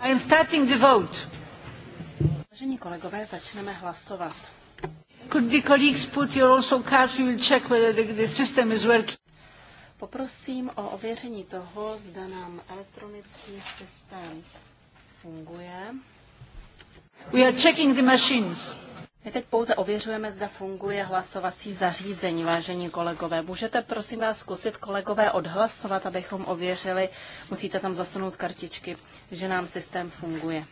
I'm starting the vote. Vážení kolegové, začneme hlasovat. Could the colleagues put your also cards? We will check whether the, the system is working. Poprosím o ověření toho, zda nám elektronický systém funguje. We are checking the machines. My teď pouze ověřujeme, zda funguje hlasovací zařízení, vážení kolegové. Můžete prosím vás zkusit kolegové odhlasovat, abychom ověřili, musíte tam zasunout kartičky, že nám systém funguje.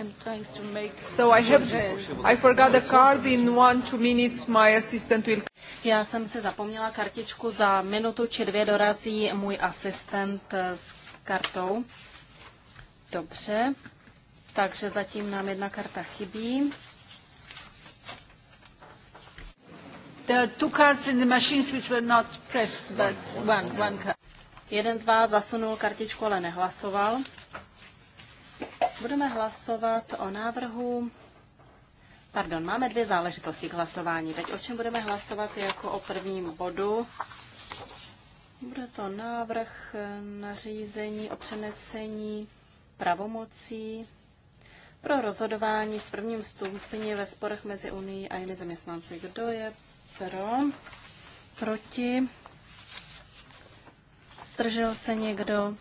I'm trying to make. So I have. I forgot the card. In one two minutes, my assistant will. Já jsem si zapomněla kartičku. Za minutu či dvě dorazí můj asistent eh, s kartou. Dobře takže zatím nám jedna karta chybí. There are two cards in the machines which were not pressed, but one, one card. Jeden z vás zasunul kartičku, ale nehlasoval. Budeme hlasovat o návrhu. Pardon, máme dvě záležitosti k hlasování. Teď o čem budeme hlasovat jako o prvním bodu. Bude to návrh nařízení o přenesení pravomocí pro rozhodování v prvním stupni ve sporech mezi Unii a jinými zaměstnanci. Kdo je pro? Proti? Zdržel se někdo?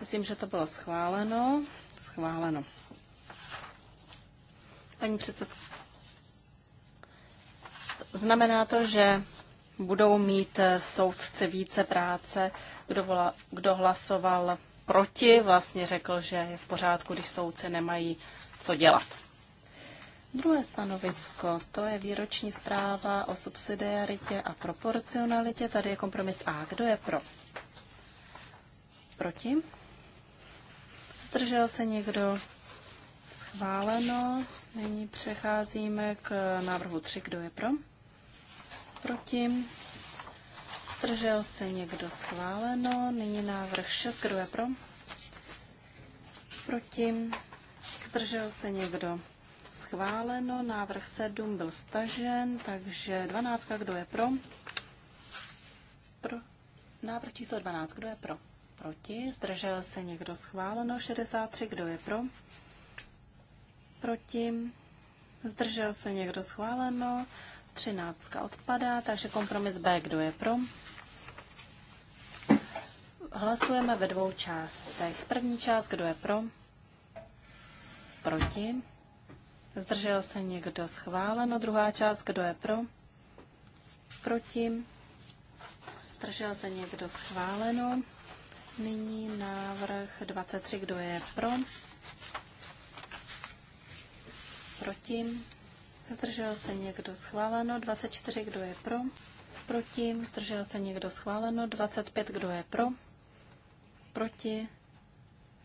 Myslím, že to bylo schváleno. Schváleno. Paní předsedka. Znamená to, že budou mít soudci více práce, kdo, vola, kdo hlasoval proti, vlastně řekl, že je v pořádku, když soudce nemají co dělat. Druhé stanovisko, to je výroční zpráva o subsidiaritě a proporcionalitě. Tady je kompromis A. Kdo je pro? Proti? Zdržel se někdo? Schváleno. Nyní přecházíme k návrhu 3. Kdo je pro? Proti? Zdržel se někdo schváleno. Nyní návrh 6. Kdo je pro? Proti. Zdržel se někdo schváleno. Návrh 7 byl stažen, takže 12. Kdo je pro? Pro. Návrh číslo 12. Kdo je pro? Proti. Zdržel se někdo schváleno. 63. Kdo je pro? Proti. Zdržel se někdo schváleno. 13 odpadá, takže kompromis B, kdo je pro? Hlasujeme ve dvou částech. První část, kdo je pro? Proti. Zdržel se někdo schváleno. Druhá část, kdo je pro? Proti. Zdržel se někdo schváleno. Nyní návrh 23, kdo je pro? Proti. Zdržel se někdo schváleno. 24, kdo je pro? Proti. Zdržel se někdo schváleno. 25, kdo je pro? proti,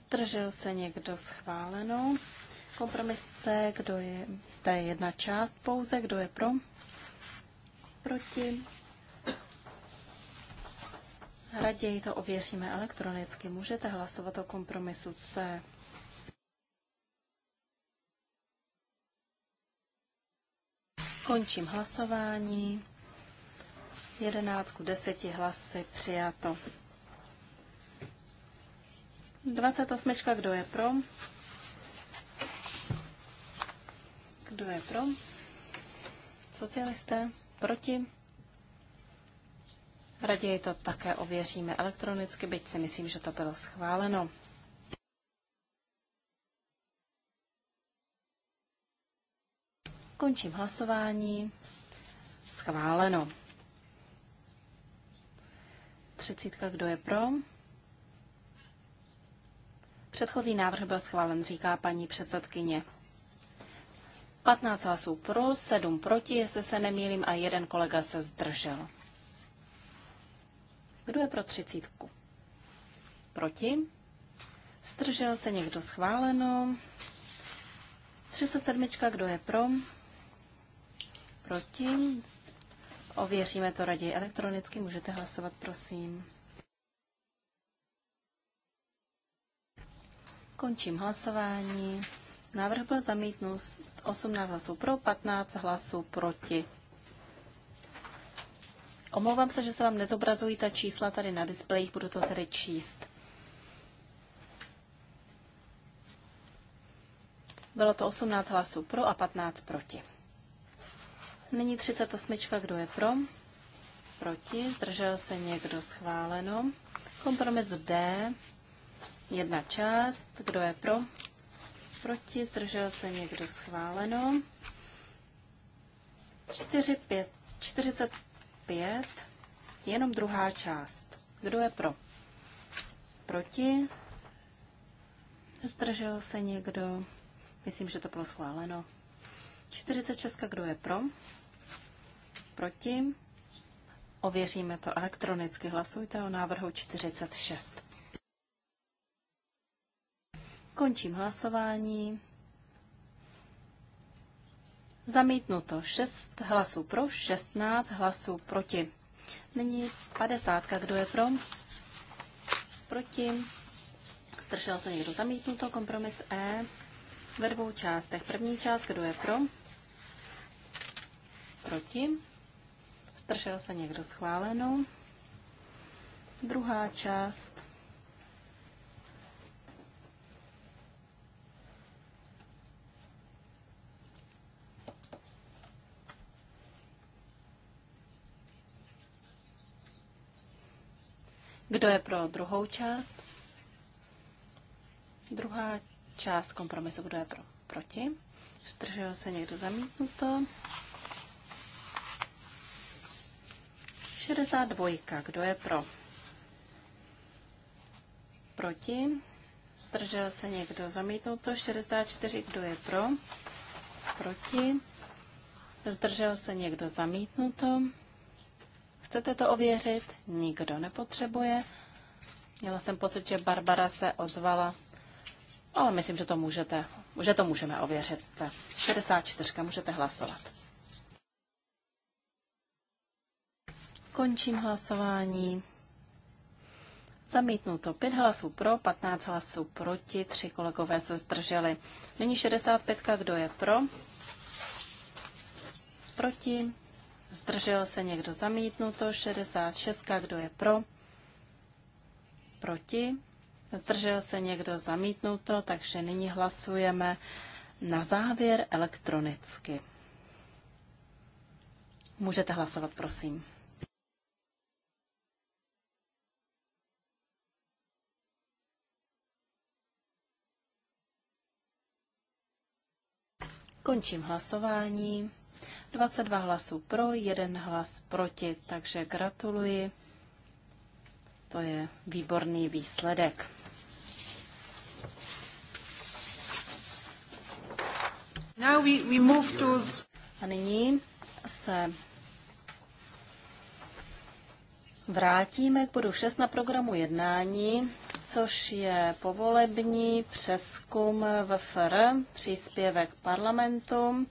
zdržel se někdo schváleno. Kompromis C, kdo je, to je jedna část pouze, kdo je pro, proti. Raději to ověříme elektronicky. Můžete hlasovat o kompromisu C. Končím hlasování. 11 k 10 hlasy přijato. 28. Kdo je pro? Kdo je pro? Socialisté? Proti? Raději to také ověříme elektronicky, byť si myslím, že to bylo schváleno. Končím hlasování. Schváleno. Třicítka, kdo je pro? Předchozí návrh byl schválen, říká paní předsedkyně. 15 hlasů pro, 7 proti, jestli se nemýlím, a jeden kolega se zdržel. Kdo je pro třicítku? Proti? Zdržel se někdo schváleno? 37. Kdo je pro? Proti? Ověříme to raději elektronicky. Můžete hlasovat, prosím. Končím hlasování. Návrh byl zamítnut 18 hlasů pro, 15 hlasů proti. Omlouvám se, že se vám nezobrazují ta čísla tady na displejích, budu to tedy číst. Bylo to 18 hlasů pro a 15 proti. Nyní 38. Kdo je pro? Proti. Zdržel se někdo schváleno. Kompromis D. Jedna část, kdo je pro? Proti, zdržel se někdo schváleno. 4, 5, 45, jenom druhá část. Kdo je pro? Proti, zdržel se někdo. Myslím, že to bylo schváleno. 46, kdo je pro? Proti. Ověříme to elektronicky. Hlasujte o návrhu 46. Končím hlasování. Zamítnuto 6 hlasů pro, 16 hlasů proti. Nyní 50. Kdo je pro? Proti. Zdržel se někdo zamítnuto. Kompromis E ve dvou částech. První část, kdo je pro? Proti. Zdržel se někdo schválenou? Druhá část Kdo je pro druhou část? Druhá část kompromisu. Kdo je pro? Proti? Zdržel se někdo zamítnuto? 62. Kdo je pro? Proti? Zdržel se někdo zamítnuto? 64. Kdo je pro? Proti? Zdržel se někdo zamítnuto? Chcete to ověřit? Nikdo nepotřebuje. Měla jsem pocit, že Barbara se ozvala, ale myslím, že to, můžete, že to můžeme ověřit. 64. Můžete hlasovat. Končím hlasování. Zamítnuto 5 hlasů pro, 15 hlasů proti, 3 kolegové se zdrželi. Nyní 65. Kdo je pro? Proti? Zdržel se někdo zamítnuto? 66. Kdo je pro? Proti? Zdržel se někdo zamítnuto? Takže nyní hlasujeme na závěr elektronicky. Můžete hlasovat, prosím. Končím hlasování. 22 hlasů pro, jeden hlas proti, takže gratuluji. To je výborný výsledek. Now we, we move to... A nyní se vrátíme k bodu 6 na programu jednání, což je povolební přeskum VFR, příspěvek parlamentu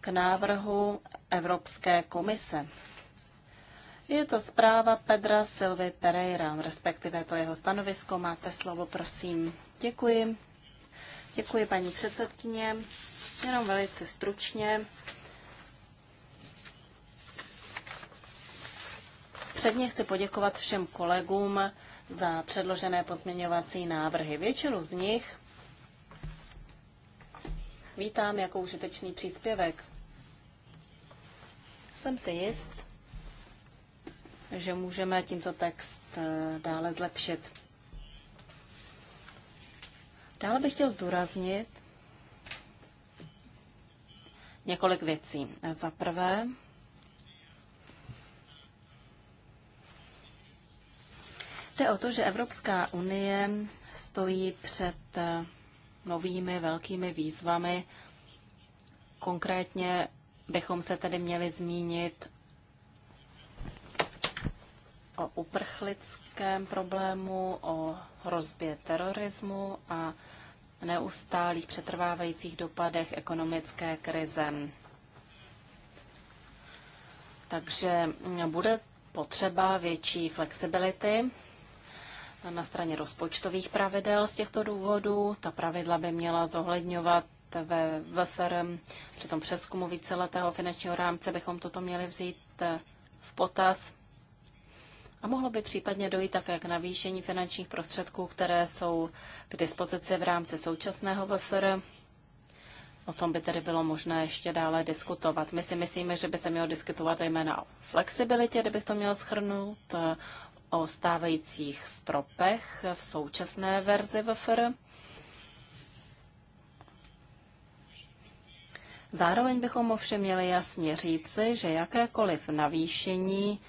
k návrhu Evropské komise. Je to zpráva Pedra Silvy Pereira, respektive to jeho stanovisko. Máte slovo, prosím. Děkuji. Děkuji, paní předsedkyně. Jenom velice stručně. Předně chci poděkovat všem kolegům za předložené pozměňovací návrhy. Většinu z nich vítám jako užitečný příspěvek. Jsem si jist, že můžeme tímto text eh, dále zlepšit. Dále bych chtěl zdůraznit několik věcí. Za prvé, jde o to, že Evropská unie stojí před eh, novými velkými výzvami, konkrétně bychom se tedy měli zmínit o uprchlickém problému, o hrozbě terorismu a neustálých přetrvávajících dopadech ekonomické krize. Takže bude potřeba větší flexibility na straně rozpočtových pravidel z těchto důvodů. Ta pravidla by měla zohledňovat ve VFR při tom přeskumu víceletého finančního rámce bychom toto měli vzít eh, v potaz. A mohlo by případně dojít také k navýšení finančních prostředků, které jsou k dispozici v rámci současného VFR. O tom by tedy bylo možné ještě dále diskutovat. My si myslíme, že by se mělo diskutovat jména o flexibilitě, kdybych to měl schrnout, eh, o stávajících stropech v současné verzi VFR Zároveň bychom ovšem měli jasně říci, že jakékoliv navýšení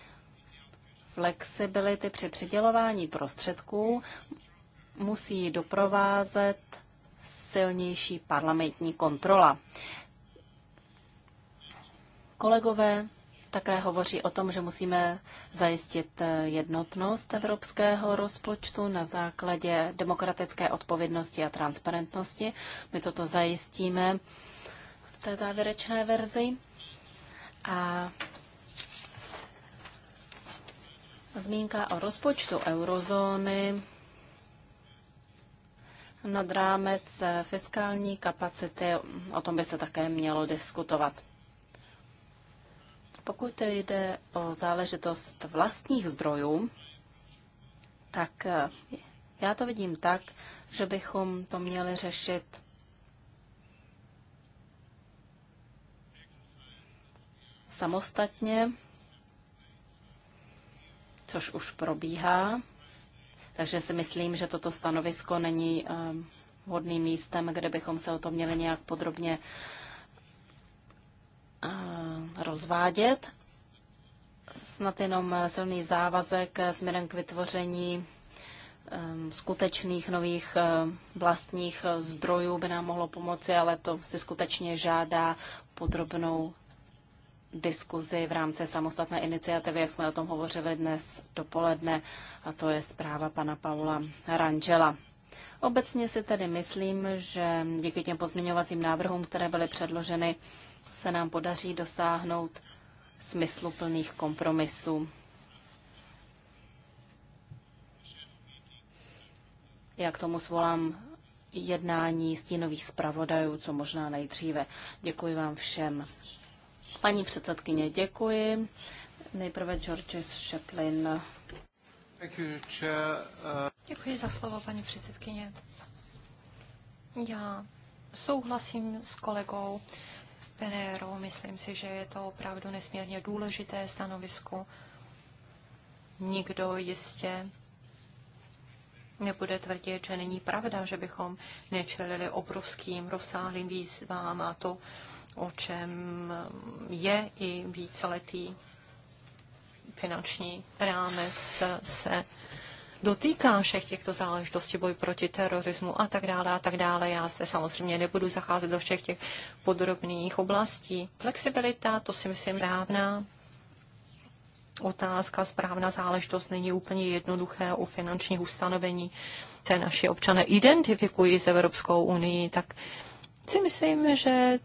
flexibility při přidělování prostředků musí doprovázet silnější parlamentní kontrola. Kolegové také hovoří o tom, že musíme zajistit jednotnost evropského rozpočtu na základě demokratické odpovědnosti a transparentnosti. My toto zajistíme té závěrečné verzi a zmínka o rozpočtu eurozóny nad rámec fiskální kapacity, o tom by se také mělo diskutovat. Pokud jde o záležitost vlastních zdrojů, tak já to vidím tak, že bychom to měli řešit samostatně, což už probíhá. Takže si myslím, že toto stanovisko není ehm, vhodným místem, kde bychom se o to měli nějak podrobně ehm, rozvádět. Snad jenom silný závazek směrem k vytvoření ehm, skutečných nových vlastních eh, zdrojů by nám mohlo pomoci, ale to si skutečně žádá podrobnou diskuzi v rámci samostatné iniciativy, jak jsme o tom hovořili dnes dopoledne, a to je zpráva pana Paula Rangela. Obecně si tedy myslím, že díky těm pozměňovacím návrhům, které byly předloženy, se nám podaří dosáhnout smysluplných kompromisů. Já k tomu svolám jednání stínových zpravodajů, co možná nejdříve. Děkuji vám všem Paní předsedkyně, děkuji. Nejprve George Sheplin. Uh, děkuji za slovo, paní předsedkyně. Já souhlasím s kolegou Penérou. Myslím si, že je to opravdu nesmírně důležité stanovisko. Nikdo jistě nebude tvrdit, že není pravda, že bychom nečelili obrovským rozsáhlým výzvám a to o čem je i víceletý finanční rámec se dotýká všech těchto záležitostí, boj proti terorismu a tak dále a tak dále. Já zde samozřejmě nebudu zacházet do všech těch podrobných oblastí. Flexibilita, to si myslím správná otázka, správná záležitost není úplně jednoduché u finančních ustanovení. Se naši občané identifikují s Evropskou unii, tak si myslím, že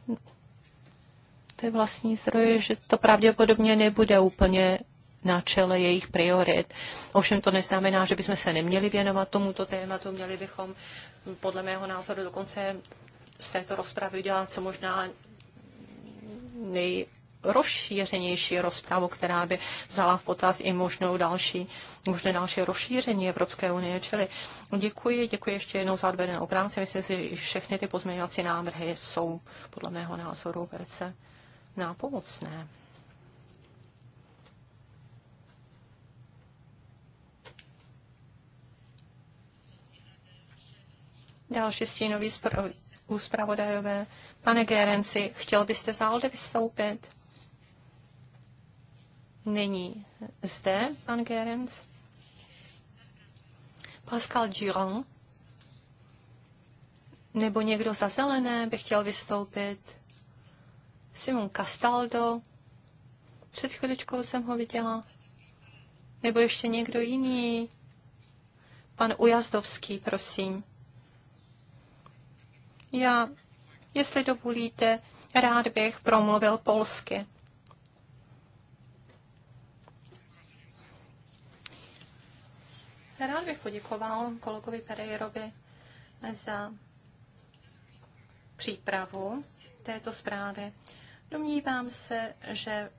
ty vlastní zdroje, že to pravděpodobně nebude úplně na čele jejich priorit. Ovšem to neznamená, že bychom se neměli věnovat tomuto tématu, měli bychom podle mého názoru dokonce z této rozpravy udělat co možná nejrozšířenější rozpravu, která by vzala v potaz i možnou další, možné další rozšíření Evropské unie. Čili děkuji, děkuji ještě jednou za odvedené obránce. Myslím si, že všechny ty pozměňovací návrhy jsou podle mého názoru velice nápomocné. Další stínový úspravodajové. Pane Gerenci, chtěl byste za Alde vystoupit? Není zde pan Gerenc. Pascal Durand nebo někdo za zelené by chtěl vystoupit. Simon Castaldo. Před chviličkou jsem ho viděla. Nebo ještě někdo jiný. Pan Ujazdovský, prosím. Já, jestli dovolíte, rád bych promluvil polsky. Rád bych poděkoval kolegovi Pereirovi za přípravu této zprávy. Domnívám se, že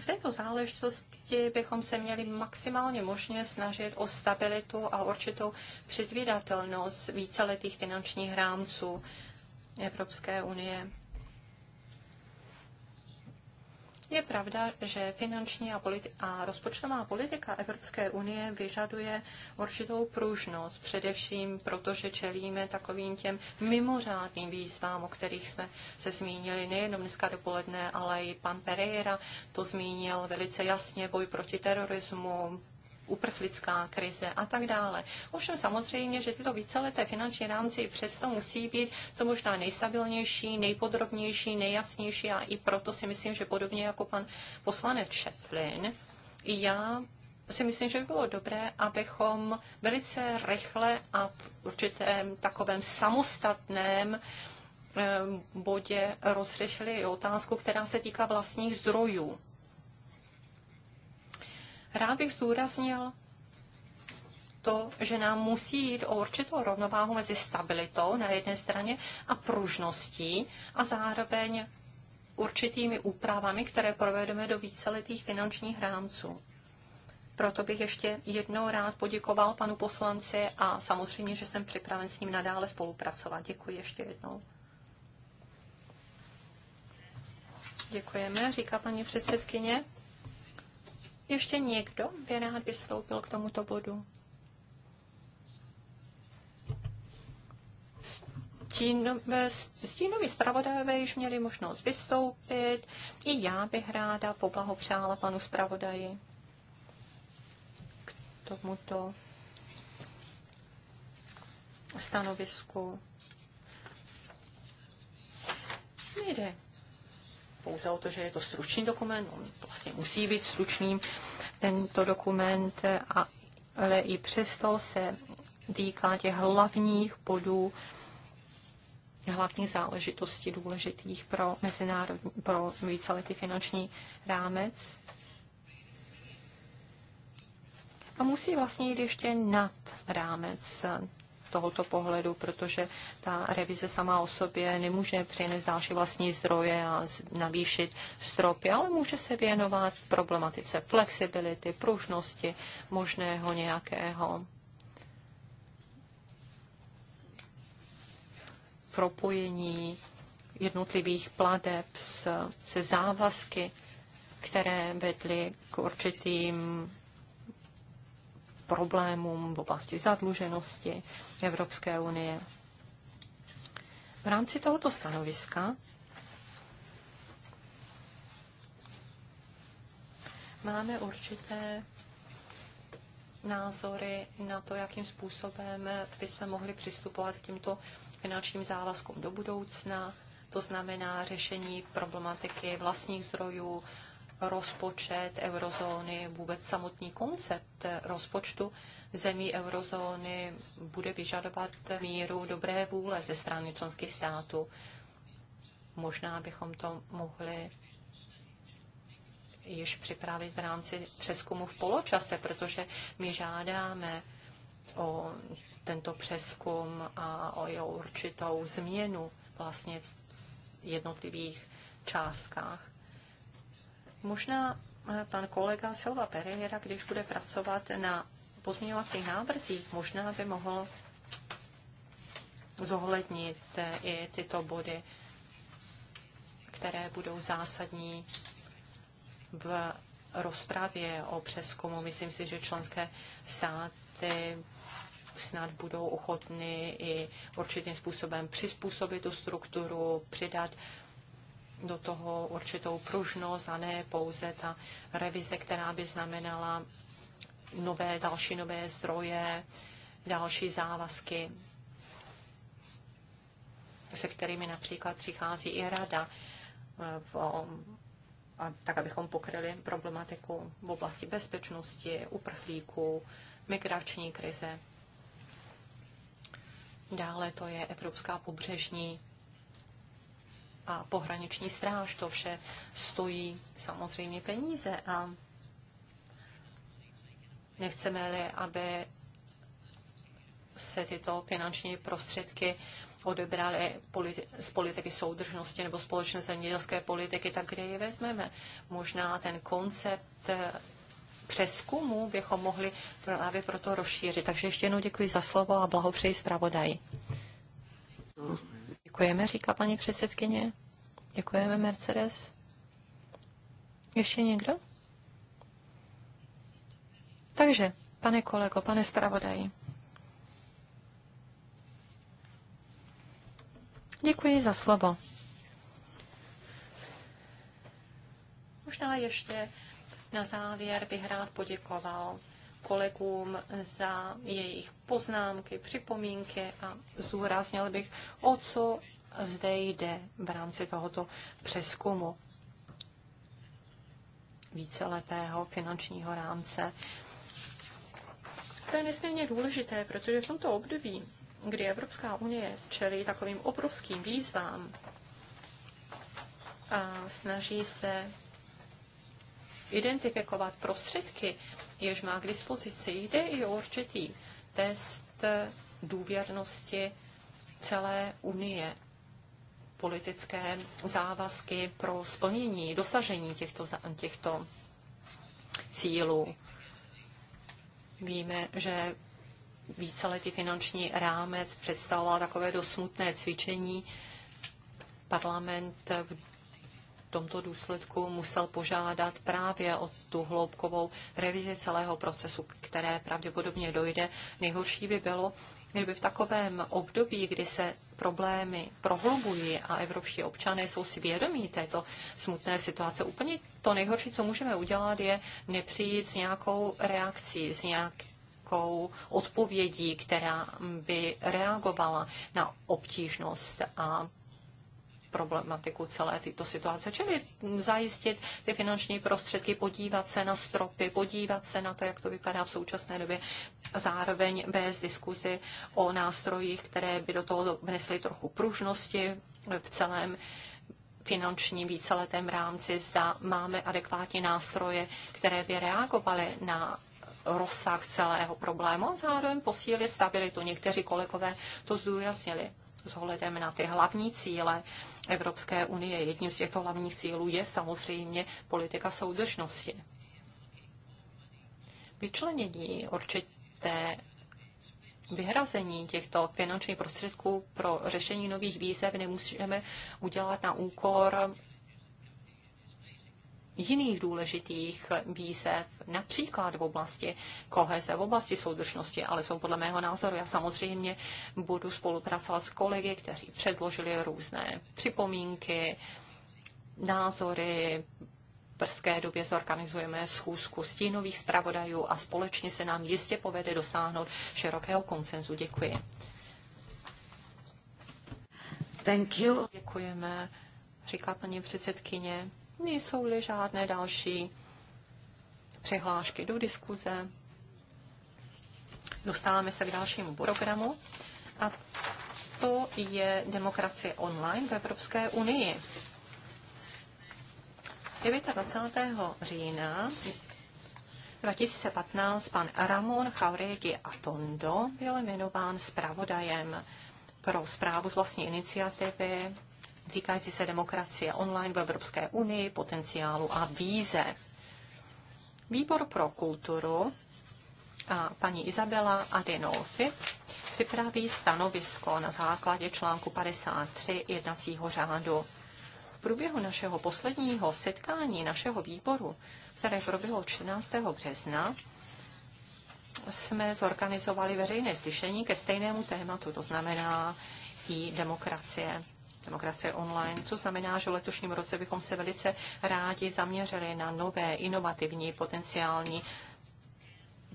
v této záležitosti bychom se měli maximálně možně snažit o stabilitu a určitou předvídatelnost víceletých finančních rámců Evropské unie. Je pravda, že finanční a, politi- a rozpočtová politika Evropské unie vyžaduje určitou pružnost, především protože čelíme takovým těm mimořádným výzvám, o kterých jsme se zmínili nejenom dneska dopoledne, ale i pan Pereira to zmínil velice jasně, boj proti terorismu, uprchlická krize a tak dále. Ovšem samozřejmě, že tyto víceleté finanční rámci přesto musí být co možná nejstabilnější, nejpodrobnější, nejjasnější a i proto si myslím, že podobně jako pan poslanec Šeplin, já si myslím, že by bylo dobré, abychom velice rychle a v určitém takovém samostatném eh, bodě rozřešili otázku, která se týká vlastních zdrojů Rád bych zdůraznil to, že nám musí jít o určitou rovnováhu mezi stabilitou na jedné straně a pružností a zároveň určitými úpravami, které provedeme do víceletých finančních rámců. Proto bych ještě jednou rád poděkoval panu poslanci a samozřejmě, že jsem připraven s ním nadále spolupracovat. Děkuji ještě jednou. Děkujeme, říká paní předsedkyně. Ještě někdo by rád vystoupil k tomuto bodu? stínoví zpravodajové již měli možnost vystoupit. I já bych ráda poblahopřála panu zpravodaji k tomuto stanovisku. Nejde pouze o to, že je to stručný dokument, on vlastně musí být stručný, tento dokument, a, ale i přesto se týká těch hlavních bodů, hlavních záležitostí důležitých pro mezinárodní, pro víceletý finanční rámec. A musí vlastně jít ještě nad rámec tohoto pohledu, protože ta revize sama o sobě nemůže přinést další vlastní zdroje a navýšit stropy, ale může se věnovat problematice flexibility, pružnosti, možného nějakého propojení jednotlivých pladeb se závazky, které vedly k určitým problémům v oblasti zadluženosti Evropské unie. V rámci tohoto stanoviska máme určité názory na to, jakým způsobem bychom mohli přistupovat k těmto finančním závazkům do budoucna, to znamená řešení problematiky vlastních zdrojů, rozpočet eurozóny, vůbec samotný koncept rozpočtu zemí eurozóny bude vyžadovat míru dobré vůle ze strany členských států. Možná bychom to mohli již připravit v rámci přeskumu v poločase, protože my žádáme o tento přeskum a o jeho určitou změnu vlastně v jednotlivých částkách. Možná eh, pan kolega Silva Pereira, když bude pracovat na pozměňovacích návrzích, možná by mohl zohlednit eh, i tyto body, které budou zásadní v rozpravě o přeskumu. Myslím si, že členské státy snad budou ochotny i určitým způsobem přizpůsobit tu strukturu, přidat do toho určitou pružnost a ne pouze ta revize, která by znamenala nové, další nové zdroje, další závazky, se kterými například přichází i rada, v, a tak abychom pokryli problematiku v oblasti bezpečnosti, uprchlíků, migrační krize. Dále to je Evropská pobřežní a pohraniční stráž, to vše stojí samozřejmě peníze a nechceme-li, aby se tyto finanční prostředky odebrali z politiky soudržnosti nebo společné zemědělské politiky, tak kde je vezmeme? Možná ten koncept eh, přeskumu bychom mohli právě proto rozšířit. Takže ještě jednou děkuji za slovo a blahopřeji zpravodaji. Děkujeme, říká paní předsedkyně. Děkujeme, Mercedes. Ještě někdo? Takže, pane kolego, pane zpravodaji. Děkuji za slovo. Možná ještě na závěr bych rád poděkoval kolegům za jejich poznámky, připomínky a zúraznil bych, o co zde jde v rámci tohoto přeskumu víceletého finančního rámce. To je nesmírně důležité, protože v tomto období, kdy Evropská unie čelí takovým obrovským výzvám a snaží se identifikovat prostředky, jež má k dispozici. Jde i o určitý test důvěrnosti celé Unie politické závazky pro splnění, dosažení těchto, těchto cílů. Víme, že víceletý finanční rámec představoval takové dosmutné cvičení. Parlament v tomto důsledku musel požádat právě o tu hloubkovou revizi celého procesu, které pravděpodobně dojde. Nejhorší by bylo, kdyby v takovém období, kdy se problémy prohlubují a evropští občané jsou si vědomí této smutné situace, úplně to nejhorší, co můžeme udělat, je nepřijít s nějakou reakcí, s nějakou odpovědí, která by reagovala na obtížnost a problematiku celé této situace, čili zajistit ty finanční prostředky, podívat se na stropy, podívat se na to, jak to vypadá v současné době, zároveň bez diskuzi o nástrojích, které by do toho vnesly trochu pružnosti v celém finančním víceletém rámci, zda máme adekvátní nástroje, které by reagovaly na rozsah celého problému a zároveň posílit stabilitu. Někteří kolegové to zdůraznili s ohledem na ty hlavní cíle Evropské unie. Jedním z těchto hlavních cílů je samozřejmě politika soudržnosti. Vyčlenění určité vyhrazení těchto finančních prostředků pro řešení nových výzev nemůžeme udělat na úkor jiných důležitých výzev, například v oblasti koheze, v oblasti soudržnosti, ale jsou podle mého názoru. Já samozřejmě budu spolupracovat s kolegy, kteří předložili různé připomínky, názory, brzké době zorganizujeme schůzku stínových zpravodajů a společně se nám jistě povede dosáhnout širokého konsenzu. Děkuji. Thank you. Děkujeme, říká paní předsedkyně. Nejsou-li žádné další přihlášky do diskuze, dostáváme se k dalšímu programu a to je demokracie online v Evropské unii. 29. října 2015 pan Ramon Chauregi Atondo byl jmenován zpravodajem pro zprávu z vlastní iniciativy týkající se demokracie online v Evropské unii, potenciálu a víze. Výbor pro kulturu a paní Izabela Adenolfi připraví stanovisko na základě článku 53 jednacího řádu. V průběhu našeho posledního setkání našeho výboru, které proběhlo 14. března, jsme zorganizovali veřejné slyšení ke stejnému tématu, to znamená i demokracie demokracie online, co znamená, že v letošním roce bychom se velice rádi zaměřili na nové, inovativní, potenciální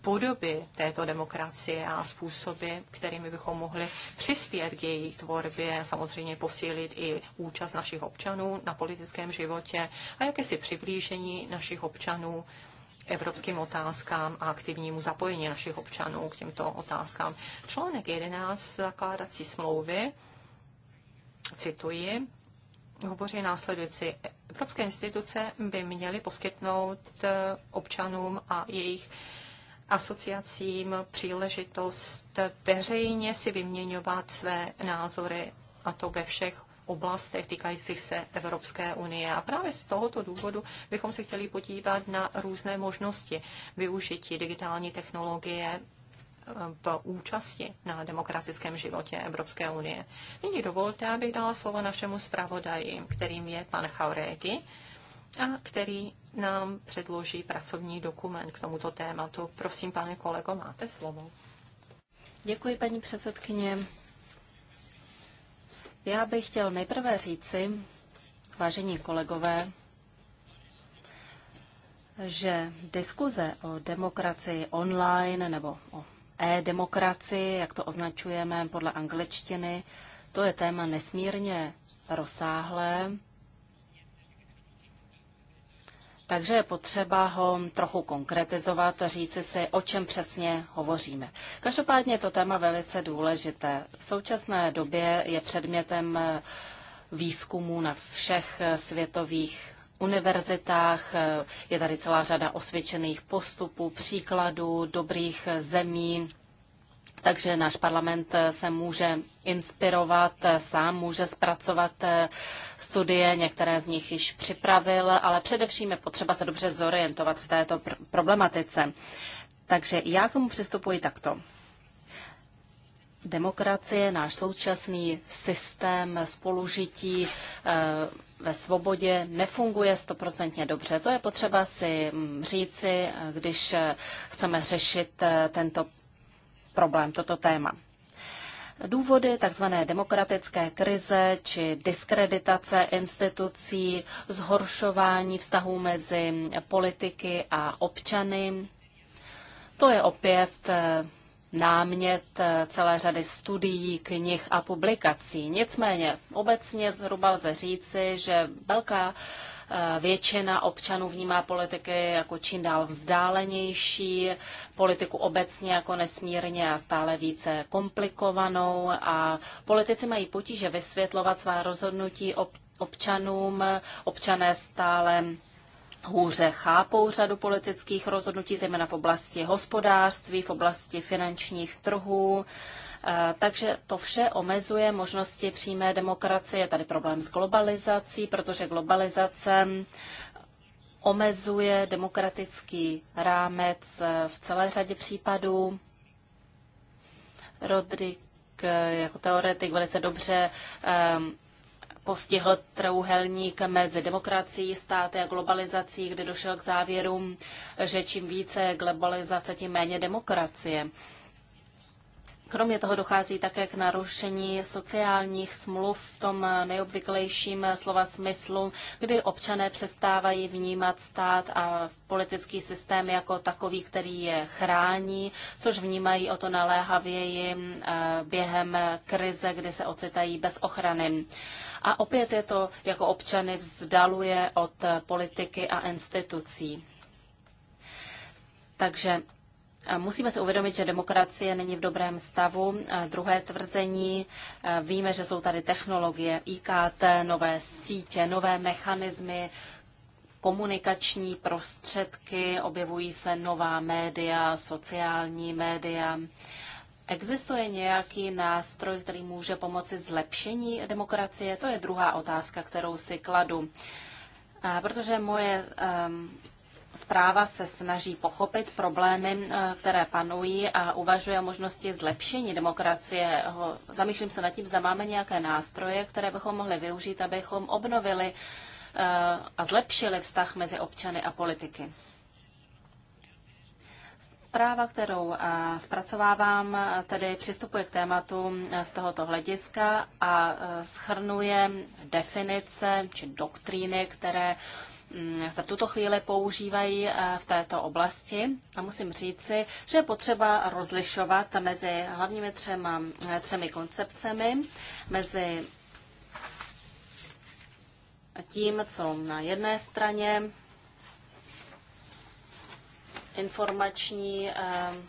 podoby této demokracie a způsoby, kterými bychom mohli přispět k její tvorbě, samozřejmě posílit i účast našich občanů na politickém životě a jakési přiblížení našich občanů evropským otázkám a aktivnímu zapojení našich občanů k těmto otázkám. Článek 11 zakládací smlouvy cituji, hovoří následující. Evropské instituce by měly poskytnout eh, občanům a jejich asociacím příležitost veřejně si vyměňovat své názory, a to ve všech oblastech týkajících se Evropské unie. A právě z tohoto důvodu bychom se chtěli podívat na různé možnosti využití digitální technologie v účasti na demokratickém životě Evropské unie. Nyní dovolte, abych dala slovo našemu zpravodaji, kterým je pan Chauregi, a který nám předloží pracovní dokument k tomuto tématu. Prosím, pane kolego, máte slovo. Děkuji, paní předsedkyně. Já bych chtěl nejprve říci, vážení kolegové, že diskuze o demokracii online nebo o e-demokracii, jak to označujeme podle angličtiny. To je téma nesmírně rozsáhlé, takže je potřeba ho trochu konkretizovat a říci si, o čem přesně hovoříme. Každopádně je to téma velice důležité. V současné době je předmětem výzkumu na všech světových univerzitách. Je tady celá řada osvědčených postupů, příkladů, dobrých zemí, takže náš parlament se může inspirovat, sám může zpracovat eh, studie, některé z nich již připravil, ale především je potřeba se dobře zorientovat v této pr- problematice. Takže já k tomu přistupuji takto. Demokracie, náš současný systém spolužití, eh, ve svobodě nefunguje stoprocentně dobře. To je potřeba si mm, říci, když eh, chceme řešit eh, tento problém, toto téma. Důvody tzv. demokratické krize či diskreditace institucí, zhoršování vztahů mezi politiky a občany, to je opět eh, námět eh, celé řady studií, knih a publikací. Nicméně obecně zhruba lze říci, že velká eh, většina občanů vnímá politiky jako čím dál vzdálenější, politiku obecně jako nesmírně a stále více komplikovanou a politici mají potíže vysvětlovat svá rozhodnutí občanům, občané stále hůře chápou řadu politických rozhodnutí, zejména v oblasti hospodářství, v oblasti finančních trhů. Eh, takže to vše omezuje možnosti přímé demokracie. Je tady problém s globalizací, protože globalizace omezuje demokratický rámec eh, v celé řadě případů. Rodrik eh, jako teoretik velice dobře postihl trouhelník mezi demokracií, státy a globalizací, kde došel k závěrům, že čím více globalizace, tím méně demokracie. Kromě toho dochází také k narušení sociálních smluv v tom nejobvyklejším slova smyslu, kdy občané přestávají vnímat stát a politický systém jako takový, který je chrání, což vnímají o to naléhavěji eh, během krize, kdy se ocitají bez ochrany a opět je to jako občany vzdaluje od politiky a institucí. Takže eh, Musíme si uvědomit, že demokracie není v dobrém stavu. Eh, druhé tvrzení, eh, víme, že jsou tady technologie IKT, nové sítě, nové mechanismy, komunikační prostředky, objevují se nová média, sociální média Existuje nějaký nástroj, který může pomoci zlepšení demokracie? To je druhá otázka, kterou si kladu. Protože moje ehm, zpráva se snaží pochopit problémy, e, které panují a uvažuje o možnosti zlepšení demokracie. Zamýšlím se nad tím, zda máme nějaké nástroje, které bychom mohli využít, abychom obnovili e, a zlepšili vztah mezi občany a politiky. Zpráva, kterou zpracovávám, tedy přistupuje k tématu z tohoto hlediska a e, schrnuje definice či doktríny, které se v tuto chvíli používají e, v této oblasti. A musím říci, že je potřeba rozlišovat mezi hlavními třema, e, třemi koncepcemi, mezi tím, co na jedné straně informační ehm,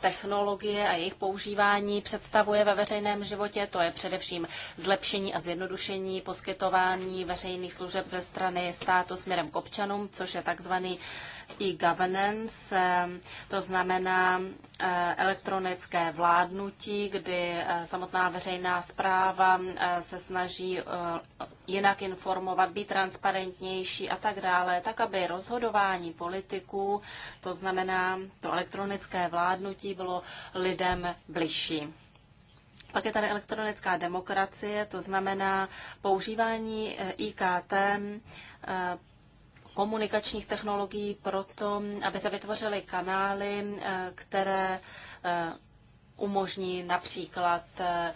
technologie a jejich používání představuje ve veřejném životě, to je především zlepšení a zjednodušení poskytování veřejných služeb ze strany státu směrem k občanům, což je takzvaný e-governance, eh, to znamená eh, elektronické vládnutí, kdy eh, samotná veřejná zpráva se snaží jinak informovat, být transparentnější a tak dále, tak aby rozhodování politiků, to znamená to elektronické vládnutí, bylo lidem bližší. Pak je tady elektronická demokracie, to znamená používání IKT komunikačních technologií pro to, aby se vytvořily kanály, eh, které eh, umožní například eh,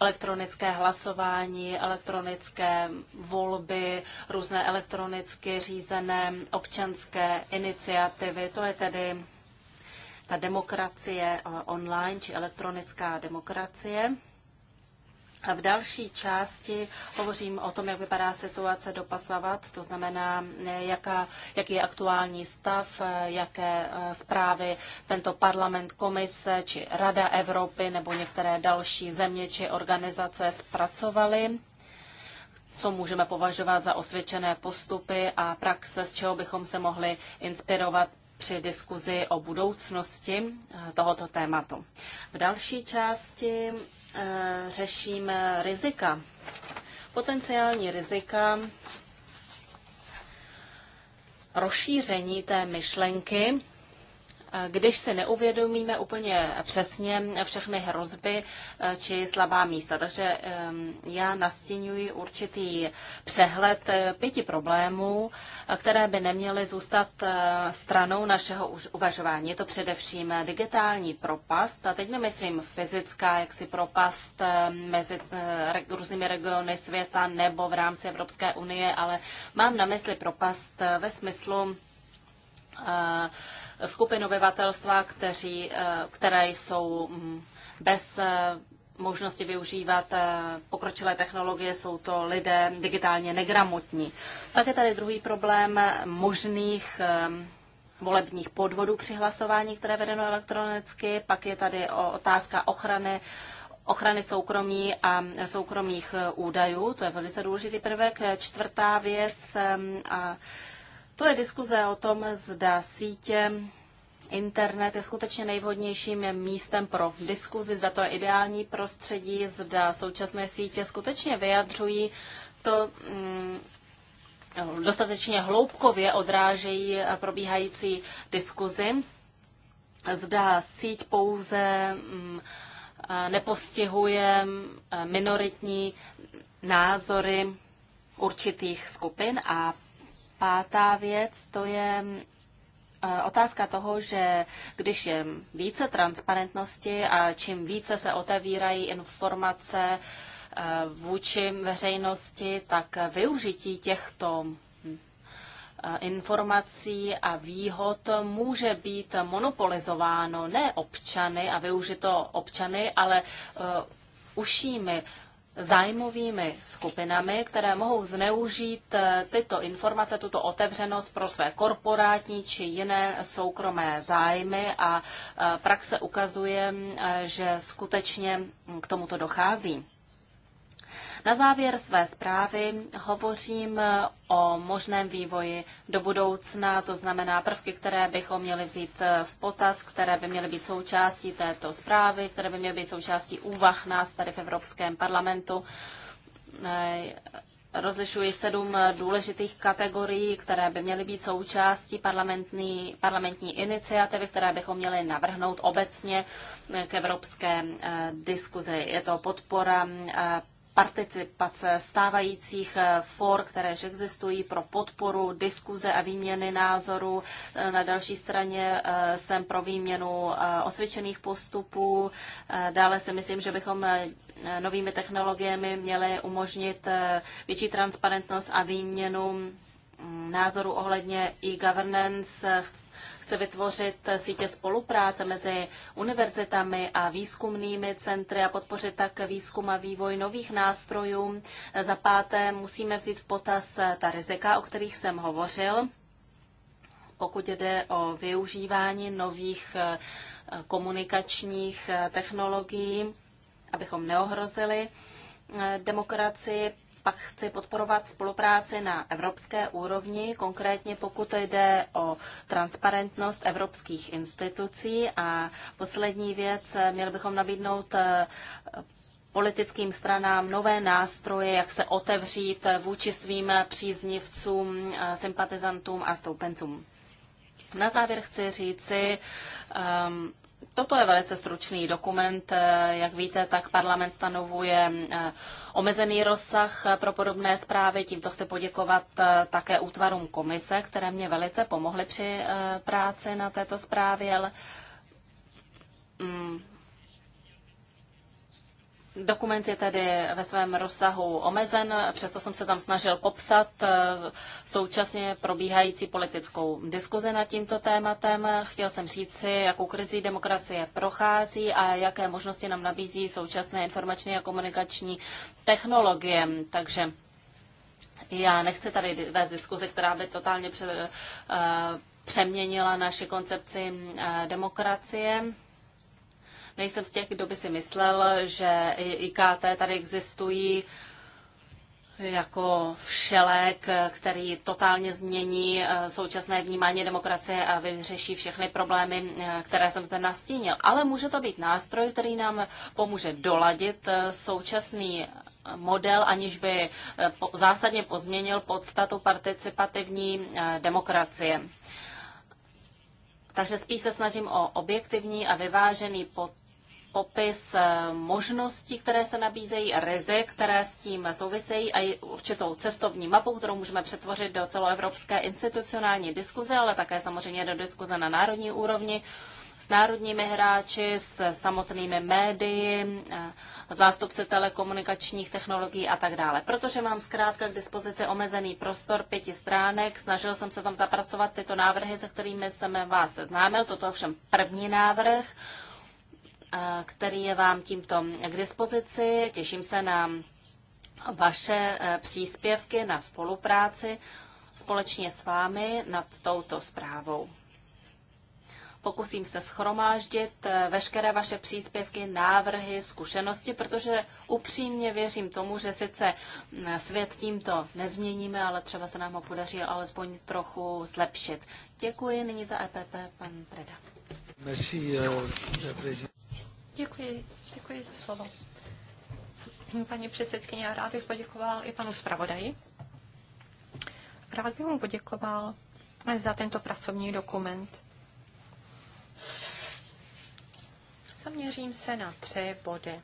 elektronické hlasování, elektronické volby, různé elektronicky řízené občanské iniciativy. To je tedy ta demokracie online či elektronická demokracie. V další části hovořím o tom, jak vypadá situace dopasovat. to znamená, jaká, jaký je aktuální stav, jaké eh, zprávy tento parlament, komise či Rada Evropy nebo některé další země či organizace zpracovaly co můžeme považovat za osvědčené postupy a praxe, z čeho bychom se mohli inspirovat při diskuzi o budoucnosti eh, tohoto tématu. V další části eh, řešíme rizika, potenciální rizika rozšíření té myšlenky když si neuvědomíme úplně přesně všechny hrozby eh, či slabá místa. Takže ehm, já nastěňuji určitý přehled eh, pěti problémů, eh, které by neměly zůstat stranou našeho uvažování. Je to především digitální propast, a teď nemyslím fyzická jaksi propast mezi různými regiony světa nebo v rámci Evropské unie, ale mám na mysli propast ve smyslu skupin obyvatelstva, kteří, eh, které jsou mm, bez eh, možnosti využívat eh, pokročilé technologie, jsou to lidé digitálně negramotní. Pak je tady druhý problém možných volebních podvodů při hlasování, které je vedeno elektronicky. Pak je tady otázka ochrany ochrany soukromí a soukromých údajů. To je velice důležitý prvek. Čtvrtá věc, a to je diskuze o tom, zda sítě internet je skutečně nejvhodnějším místem pro diskuzi, zda to je ideální prostředí, zda současné sítě skutečně vyjadřují to, mm, dostatečně hloubkově odrážejí probíhající diskuzi. Zda síť pouze mm, nepostihuje mm, minoritní názory určitých skupin a pátá věc, to je eh, otázka toho, že když je více transparentnosti a čím více se otevírají informace eh, vůči veřejnosti, tak využití těchto hm, eh, informací a výhod může být monopolizováno ne občany a využito občany, ale ušími zájmovými skupinami, které mohou zneužít eh, tyto informace, tuto otevřenost pro své korporátní či jiné soukromé zájmy a eh, praxe ukazuje, eh, že skutečně k tomuto dochází. Na závěr své zprávy hovořím eh, o možném vývoji do budoucna, to znamená prvky, které bychom měli vzít eh, v potaz, které by měly být součástí této zprávy, které by měly být součástí úvah nás tady v Evropském parlamentu eh, rozlišuji sedm důležitých kategorií, které by měly být součástí parlamentní, parlamentní iniciativy, které bychom měli navrhnout obecně k evropské diskuzi. Je to podpora participace stávajících eh, for, které existují pro podporu diskuze a výměny názorů. Eh, na další straně eh, jsem pro výměnu osvědčených postupů. Dále si myslím, že bychom novými technologiemi měli umožnit větší transparentnost a výměnu mm, názoru ohledně e-governance chce vytvořit sítě spolupráce mezi univerzitami a výzkumnými centry a podpořit tak výzkum a vývoj nových nástrojů. Za páté musíme vzít v potaz ta rizika, o kterých jsem hovořil, pokud jde o využívání nových eh, komunikačních eh, technologií, abychom neohrozili eh, demokracii. Pak chci podporovat spolupráci na evropské úrovni, konkrétně pokud jde o transparentnost evropských institucí. A poslední věc, měli bychom nabídnout eh, politickým stranám nové nástroje, jak se otevřít eh, vůči svým příznivcům, eh, sympatizantům a stoupencům. Na závěr chci říci, um, Toto je velice stručný dokument. Jak víte, tak parlament stanovuje eh, omezený rozsah eh, pro podobné zprávy. Tímto chci poděkovat eh, také útvarům komise, které mě velice pomohly při práci na této zprávě. Mm, Dokument je tedy ve svém rozsahu omezen, přesto jsem se tam snažil popsat eh, současně probíhající politickou diskuzi nad tímto tématem. Chtěl jsem si, jakou krizi demokracie prochází a jaké možnosti nám nabízí současné informační a komunikační technologie. Takže já nechci tady vést diskuzi, která by totálně pře, eh, přeměnila naši koncepci eh, demokracie Nejsem z těch, kdo by si myslel, že IKT tady existují jako všelek, který totálně změní eh, současné vnímání demokracie a vyřeší všechny problémy, eh, které jsem zde nastínil. Ale může to být nástroj, který nám pomůže doladit eh, současný model, aniž by zásadně pozměnil podstatu participativní demokracie. Takže spíš se snažím o objektivní a vyvážený pod popis eh, možností, které se nabízejí, rizik, které s tím souvisejí a určitou cestovní mapu, kterou můžeme přetvořit do celoevropské institucionální diskuze, ale také samozřejmě do diskuze na národní úrovni s národními hráči, s samotnými médii, eh, zástupci telekomunikačních technologií a tak dále. Protože mám zkrátka k dispozici omezený prostor pěti stránek, snažil jsem se tam zapracovat tyto návrhy, se kterými jsem vás seznámil. Toto je ovšem první návrh který je vám tímto k dispozici. Těším se na vaše e, příspěvky, na spolupráci společně s vámi nad touto zprávou. Pokusím se schromáždit e, veškeré vaše příspěvky, návrhy, zkušenosti, protože upřímně věřím tomu, že sice svět tímto nezměníme, ale třeba se nám ho podaří alespoň trochu zlepšit. Děkuji nyní za EPP, pan Preda. Merci, uh, Děkuji, děkuji za slovo. Paní předsedkyně, rád bych poděkoval i panu zpravodaji. Rád bych mu poděkoval za tento pracovní dokument. Zaměřím se na tři body.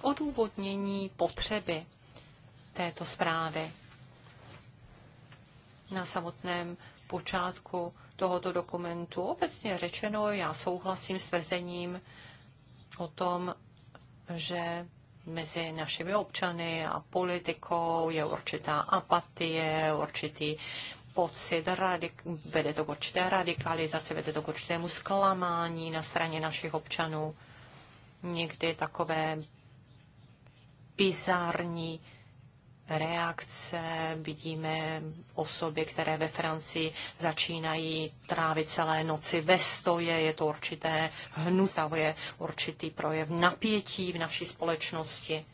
Odůvodnění potřeby této zprávy. Na samotném počátku tohoto dokumentu. Obecně řečeno, já souhlasím s tvrzením o tom, že mezi našimi občany a politikou je určitá apatie, určitý pocit, radik, vede to k určité radikalizaci, vede to k určitému zklamání na straně našich občanů. Někdy takové bizarní reakce, vidíme osoby, které ve Francii začínají trávit celé noci ve stoje, je to určité je určitý projev napětí v naší společnosti.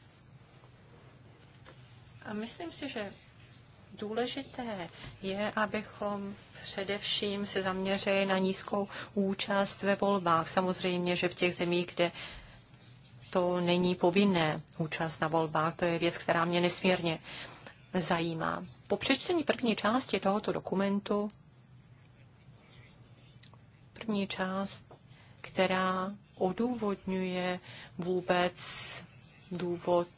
A myslím si, že důležité je, abychom především se zaměřili na nízkou účast ve volbách. Samozřejmě, že v těch zemích, kde to není povinné účast na volbách. To je věc, která mě nesmírně zajímá. Po přečtení první části tohoto dokumentu, první část, která odůvodňuje vůbec důvod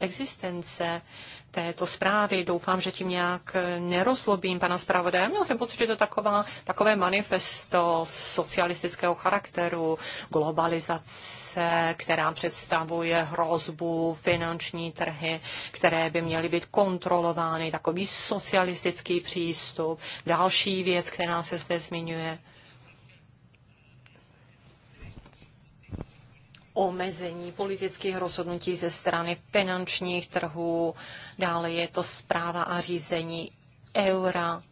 existence této zprávy. Doufám, že tím nějak nerozlobím pana zpravodaje. Měl jsem pocit, že to taková, takové manifesto socialistického charakteru, globalizace, která představuje hrozbu, finanční trhy, které by měly být kontrolovány, takový socialistický přístup. Další věc, která se zde zmiňuje, omezení politických rozhodnutí ze strany finančních trhů, dále je to zpráva a řízení eura,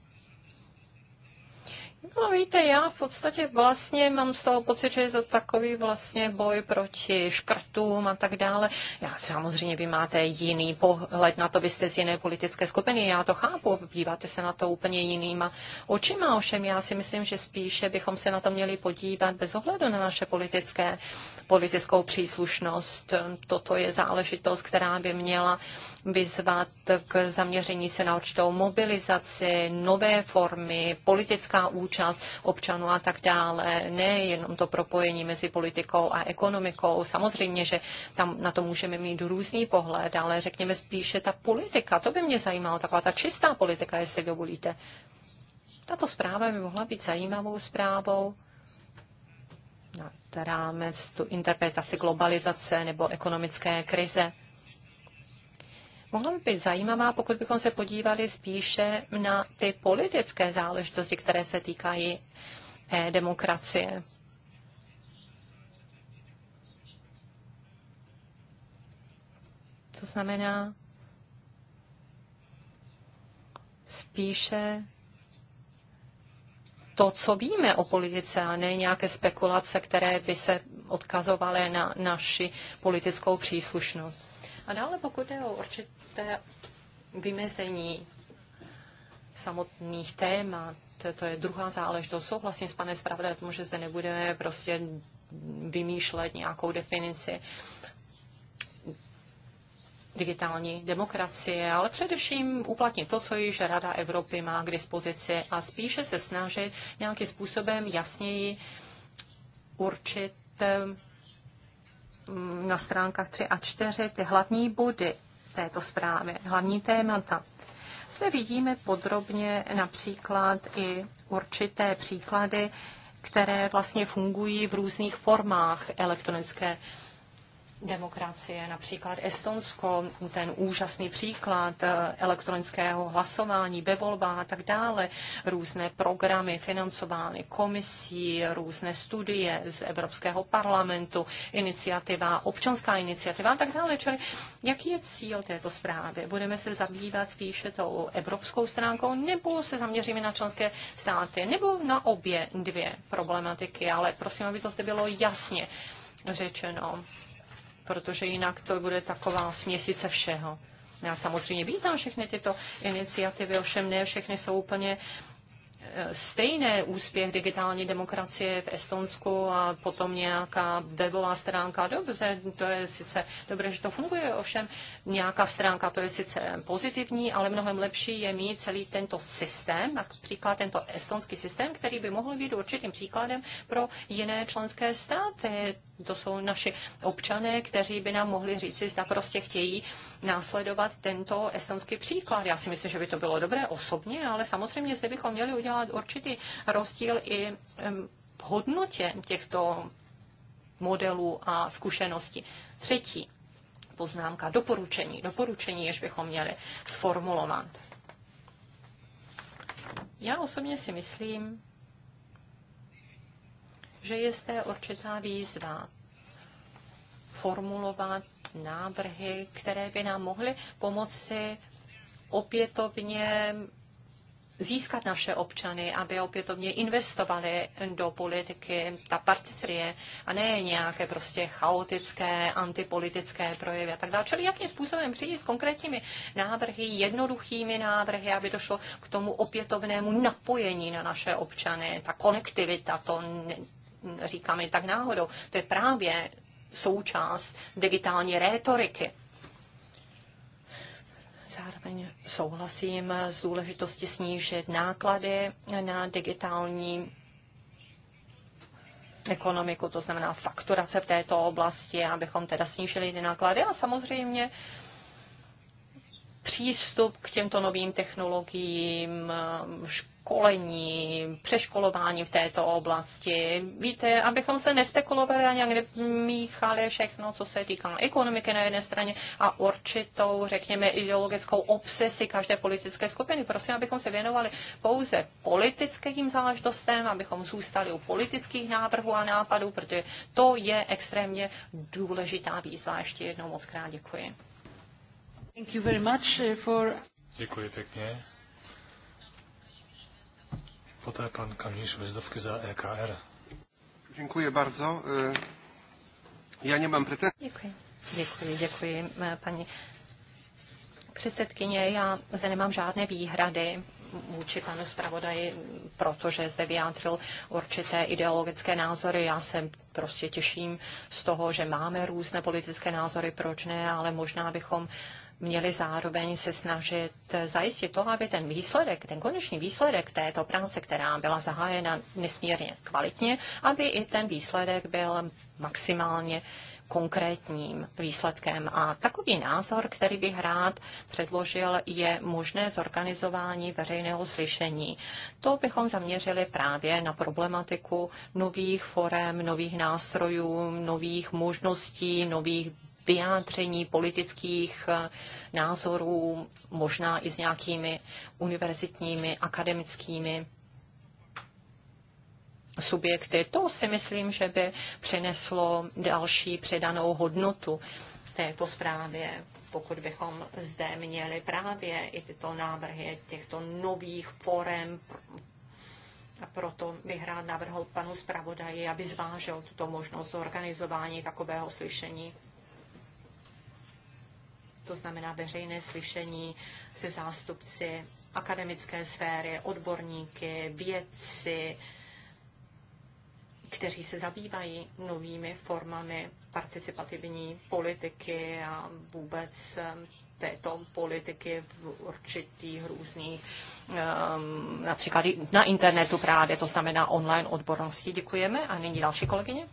No víte, já v podstatě vlastně mám z toho pocit, že je to takový vlastně boj proti škrtům a tak dále. Já samozřejmě vy máte jiný pohled na to, vy jste z jiné politické skupiny, já to chápu, díváte se na to úplně jinýma očima, ovšem já si myslím, že spíše bychom se na to měli podívat bez ohledu na naše politické politickou příslušnost. Toto je záležitost, která by měla vyzvat k zaměření se na určitou mobilizaci, nové formy, politická účast účast občanů a tak dále, nejenom to propojení mezi politikou a ekonomikou. Samozřejmě, že tam na to můžeme mít různý pohled, ale řekněme spíše ta politika, to by mě zajímalo, taková ta čistá politika, jestli dovolíte. Tato zpráva by mohla být zajímavou zprávou na rámec tu interpretaci globalizace nebo ekonomické krize mohla by být zajímavá, pokud bychom se podívali spíše na ty politické záležitosti, které se týkají eh, demokracie. To znamená spíše to, co víme o politice, a ne nějaké spekulace, které by se odkazovaly na naši politickou příslušnost. A dále pokud je o určité vymezení samotných témat, to je druhá záležitost. Souhlasím s panem zpravodajem, že zde nebudeme prostě vymýšlet nějakou definici digitální demokracie, ale především uplatnit to, co již Rada Evropy má k dispozici a spíše se snažit nějakým způsobem jasněji určit eh, na stránkách 3 a 4 ty hlavní body této zprávy, hlavní témata. Zde vidíme podrobně například i určité příklady, které vlastně fungují v různých formách elektronické demokracie, například Estonsko, ten úžasný příklad eh, elektronického hlasování bevolba a tak dále, různé programy financovány komisí, různé studie z Evropského parlamentu, iniciativa, občanská iniciativa a tak dále. Čili jaký je cíl této zprávy? Budeme se zabývat spíše tou evropskou stránkou nebo se zaměříme na členské státy nebo na obě dvě problematiky, ale prosím, aby to zde bylo jasně řečeno protože jinak to bude taková směsice všeho. Já samozřejmě vítám všechny tyto iniciativy, ovšem ne všechny jsou úplně stejné úspěch digitální demokracie v Estonsku a potom nějaká webová stránka. Dobře, to je sice dobré, že to funguje, ovšem nějaká stránka, to je sice pozitivní, ale mnohem lepší je mít celý tento systém, například tento estonský systém, který by mohl být určitým příkladem pro jiné členské státy. To jsou naši občané, kteří by nám mohli říci, zda prostě chtějí uh, následovat tento estonský příklad. Já si myslím, že by to bylo dobré osobně, ale samozřejmě zde bychom měli udělat určitý rozdíl i v hodnotě těchto modelů a zkušeností. Třetí poznámka, doporučení, doporučení, jež bychom měli sformulovat. Já osobně si myslím, že je zde určitá výzva formulovat návrhy, které by nám mohly pomoci opětovně získat naše občany, aby opětovně investovali do politiky, ta participace a ne nějaké prostě chaotické, antipolitické projevy a tak dále. Čili jakým způsobem přijít s konkrétními návrhy, jednoduchými návrhy, aby došlo k tomu opětovnému napojení na naše občany, ta konektivita, to říkáme tak náhodou. To je právě součást digitální rétoriky. Zároveň souhlasím s důležitostí snížit náklady na digitální ekonomiku, to znamená fakturace v této oblasti, abychom teda snížili ty náklady a samozřejmě přístup k těmto novým technologiím, školení, přeškolování v této oblasti. Víte, abychom se nespekulovali a nějak míchali všechno, co se týká ekonomiky na jedné straně a určitou, řekněme, ideologickou obsesi každé politické skupiny. Prosím, abychom se věnovali pouze politickým záležitostem, abychom zůstali u politických návrhů a nápadů, protože to je extrémně důležitá výzva. Ještě jednou moc krát děkuji. Thank you very much eh, for... Děkuji pěkně poté pan Kamžíš Vezdovky za EKR. Děkuji bardzo. nie mam pretensji. Děkuji. Děkuji, děkuji, e, paní předsedkyně. Já zde nemám žádné výhrady vůči panu zpravodaji, protože zde vyjádřil určité ideologické názory. Já se prostě těším z toho, že máme různé politické názory, proč ne, ale možná bychom měli zároveň se snažit zajistit to, aby ten výsledek, ten konečný výsledek této práce, která byla zahájena nesmírně kvalitně, aby i ten výsledek byl maximálně konkrétním výsledkem. A takový názor, který bych rád předložil, je možné zorganizování veřejného slyšení. To bychom zaměřili právě na problematiku nových forem, nových nástrojů, nových možností, nových vyjádření politických eh, názorů, možná i s nějakými univerzitními, akademickými subjekty. To si myslím, že by přineslo další předanou hodnotu této zprávě, pokud bychom zde měli právě i tyto návrhy těchto nových forem a proto bych rád navrhl panu zpravodaji, aby zvážil tuto možnost zorganizování takového slyšení to znamená veřejné slyšení se zástupci akademické sféry, odborníky, vědci, kteří se zabývají novými formami participativní politiky a vůbec ehm, této politiky v určitých různých, ehm, například na internetu právě, to znamená online odbornosti. Děkujeme a nyní další kolegyně.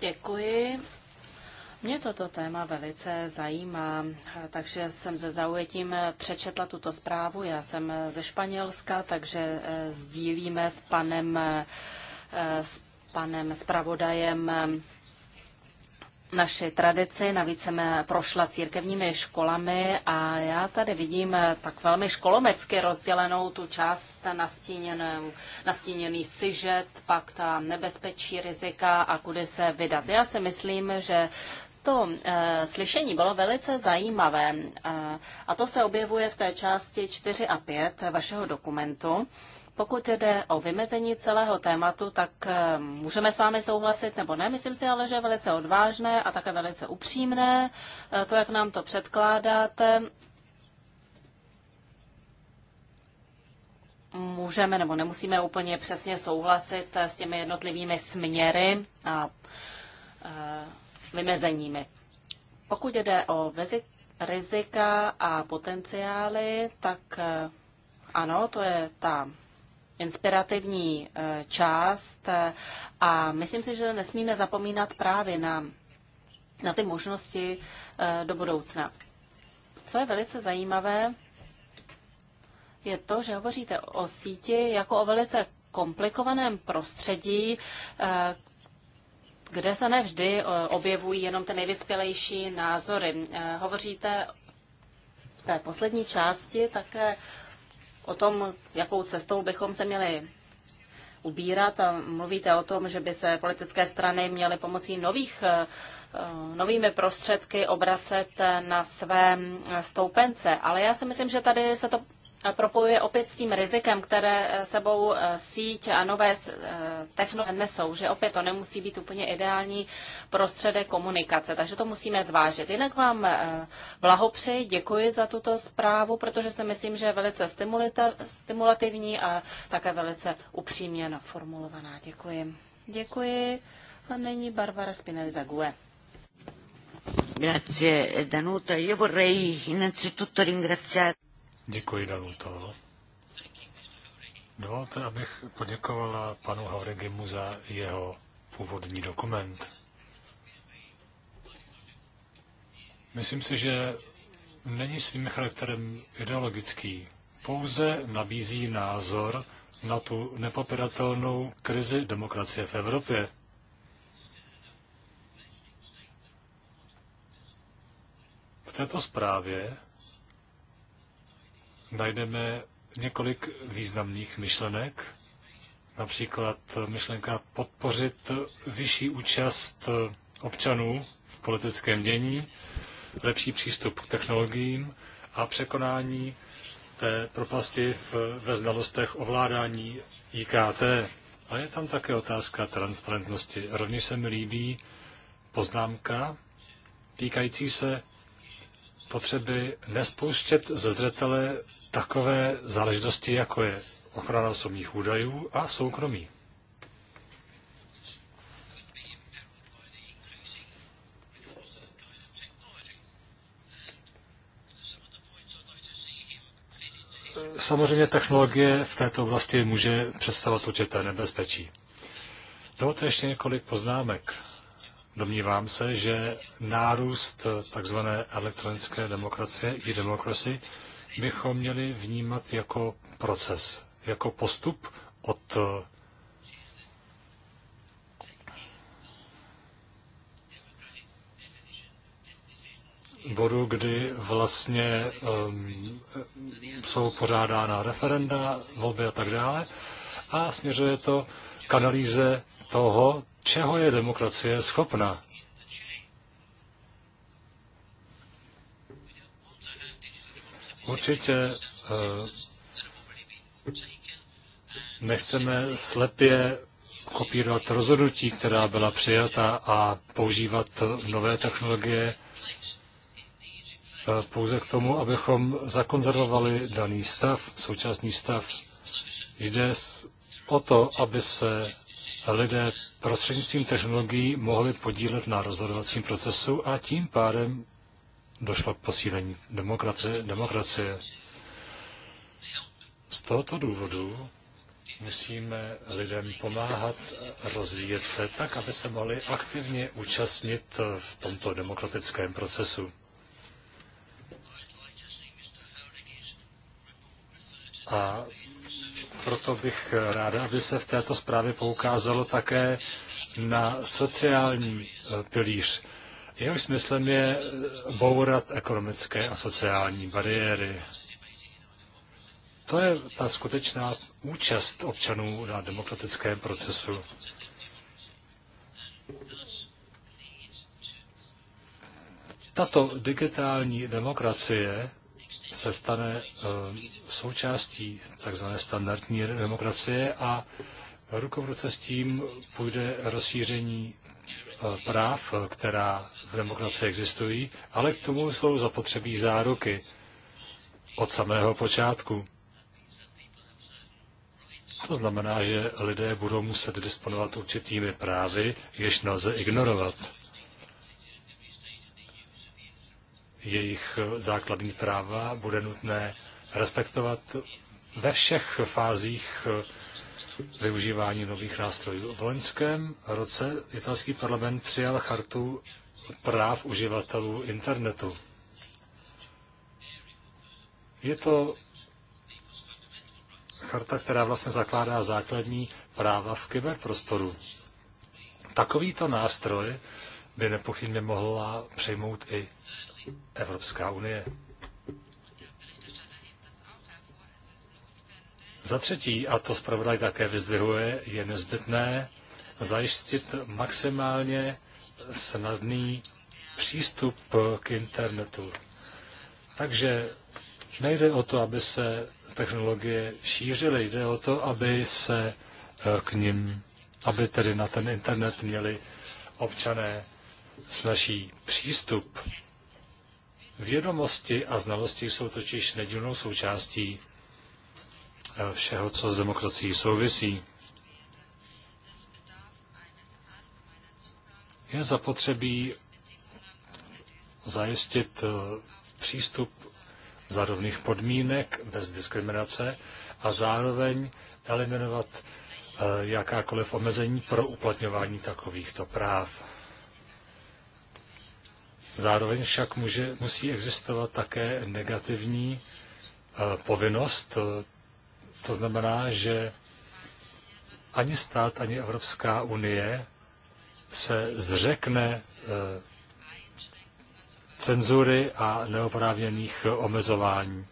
Děkuji. Mě toto téma velice zajímá, takže jsem se zaujetím přečetla tuto zprávu. Já jsem ze Španělska, takže eh, sdílíme s panem, eh, s panem zpravodajem eh, naši tradici, navíc jsem prošla církevními školami a já tady vidím tak velmi školomecky rozdělenou tu část nastíněnou, nastíněný sižet, pak ta nebezpečí rizika a kudy se vydat. Já si myslím, že to eh, slyšení bylo velice zajímavé eh, a to se objevuje v té části 4 a 5 vašeho dokumentu. Pokud jde o vymezení celého tématu, tak eh, můžeme s vámi souhlasit nebo ne. Myslím si ale, že je velice odvážné a také velice upřímné to, jak nám to předkládáte. Můžeme nebo nemusíme úplně přesně souhlasit s těmi jednotlivými směry a vymezeními. Pokud jde o rizika a potenciály, tak eh, ano, to je ta inspirativní eh, část eh, a myslím si, že nesmíme zapomínat právě na, na ty možnosti do budoucna. Co je velice zajímavé, je to, že hovoříte o síti jako o velice komplikovaném prostředí, kde se nevždy eh, objevují jenom ty nejvyspělejší názory. Eh, hovoříte v té poslední části také o tom, jakou cestou bychom se měli ubírat a mluvíte o tom, že by se politické strany měly pomocí nových, eh, novými prostředky obracet na své stoupence. Ale já si myslím, že tady se to propojuje opět s tím rizikem, které eh, sebou eh, síť a nové eh, technologie nesou, že opět to nemusí být úplně ideální prostředek komunikace, takže to musíme zvážit. Jinak vám blahopřeji, děkuji za tuto zprávu, protože si myslím, že je velice stimulativní a také velice upřímně naformulovaná. Děkuji. Děkuji. A nyní Barbara Spinelli za GUE. Grazie Danuta, io vorrei innanzitutto ringraziare Děkuji, Davuto. Dovolte, abych poděkovala panu Hauregimu za jeho původní dokument. Myslím si, že není svým charakterem ideologický. Pouze nabízí názor na tu nepopiratelnou krizi demokracie v Evropě. V této zprávě najdeme několik významných myšlenek, například myšlenka podpořit vyšší účast občanů v politickém dění, lepší přístup k technologiím a překonání té propasti v, ve znalostech ovládání IKT. A je tam také otázka transparentnosti. Rovněž se mi líbí poznámka týkající se potřeby nespouštět ze zřetele takové záležitosti, jako je ochrana osobních údajů a soukromí. Samozřejmě technologie v této oblasti může představovat určité nebezpečí. Dovolte ještě několik poznámek. Domnívám se, že nárůst tzv. elektronické demokracie i demokracie bychom měli vnímat jako proces, jako postup od eh, bodu, kdy vlastně um, jsou pořádána referenda, volby a tak dále, a směřuje to k analýze toho, čeho je demokracie schopna. Určitě eh, nechceme slepě kopírovat rozhodnutí, která byla přijata a používat nové technologie eh, pouze k tomu, abychom zakonzervovali daný stav, současný stav. Jde o to, aby se lidé prostřednictvím technologií mohli podílet na rozhodovacím procesu a tím pádem došlo k posílení demokracie. demokracie. Z tohoto důvodu musíme lidem pomáhat rozvíjet se tak, aby se mohli aktivně účastnit v tomto demokratickém procesu. A proto bych ráda, aby se v této zprávě poukázalo také na sociální pilíř. Jeho smyslem je eh, bourat ekonomické a sociální bariéry. To je ta skutečná účast občanů na demokratickém procesu. Tato digitální demokracie se stane eh, součástí tzv. standardní demokracie a ruku v ruce s tím půjde rozšíření Eh, práv, eh, která v demokracii existují, ale k tomu jsou zapotřebí záruky od samého počátku. To znamená, že lidé budou muset disponovat určitými právy, jež nelze ignorovat. Jejich základní práva bude nutné respektovat ve všech fázích eh, využívání nových nástrojů. V loňském roce italský parlament přijal chartu práv uživatelů internetu. Je to charta, která vlastně zakládá základní práva v kyberprostoru. Takovýto nástroj by nepochybně mohla přejmout i Evropská unie. Za třetí, a to zpravodaj také vyzdvihuje, je nezbytné zajistit maximálně snadný přístup k internetu. Takže nejde o to, aby se technologie šířily, jde o to, aby se eh, k ním, aby tedy na ten internet měli občané snaží přístup. Vědomosti a znalosti jsou totiž nedílnou součástí Eh, všeho, co s demokracií souvisí. Je zapotřebí zajistit eh, přístup za rovných podmínek, bez diskriminace a zároveň eliminovat eh, jakákoliv omezení pro uplatňování takovýchto práv. Zároveň však může, musí existovat také negativní povinnost to znamená, že ani stát, ani Evropská unie se zřekne eh, cenzury a neoprávněných omezování,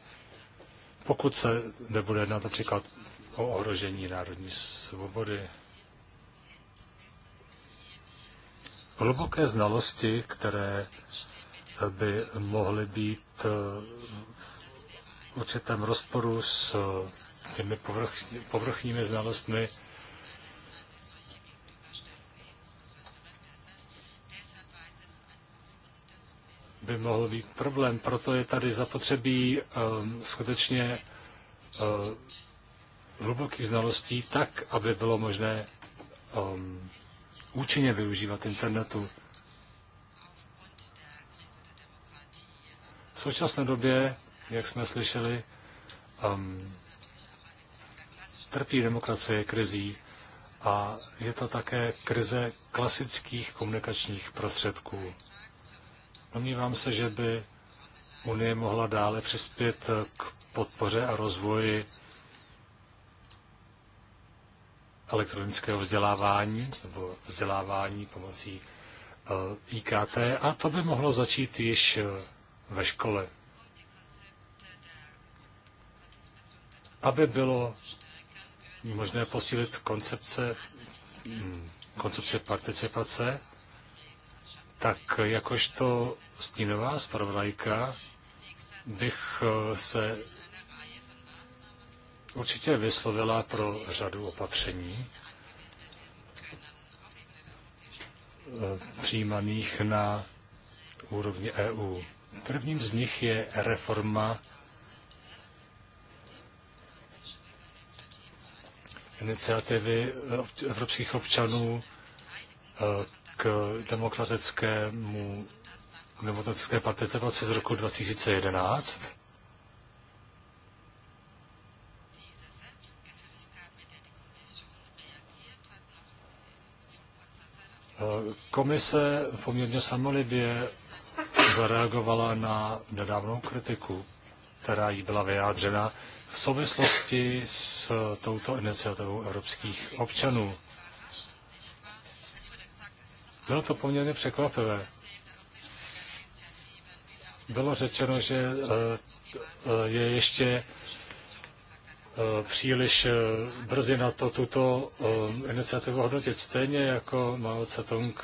pokud se nebude jednat například o ohrožení národní svobody. Hluboké znalosti, které by mohly být eh, v určitém rozporu s těmi povrch, povrchními znalostmi. by mohl být problém. Proto je tady zapotřebí um, skutečně um, hlubokých znalostí tak, aby bylo možné um, účinně využívat internetu. V současné době, jak jsme slyšeli, um, trpí demokracie krizí a je to také krize klasických komunikačních prostředků. Domnívám se, že by Unie mohla dále přispět k podpoře a rozvoji elektronického vzdělávání nebo vzdělávání pomocí eh, IKT a to by mohlo začít již eh, ve škole. Aby bylo možné posílit koncepce, koncepce participace, tak jakožto stínová zpravodajka bych eh, se určitě vyslovila pro řadu opatření eh, přijímaných na úrovni EU. Prvním z nich je reforma iniciativy eh, evropských občanů eh, k demokratickému k demokratické participaci z roku 2011. Eh, komise poměrně samolibě zareagovala na nedávnou kritiku, která jí byla vyjádřena v souvislosti s touto iniciativou evropských občanů. Bylo to poměrně překvapivé. Bylo řečeno, že eh, eh, je ještě eh, příliš brzy na to tuto iniciativu hodnotit. Stejně jako Mao Tse-tung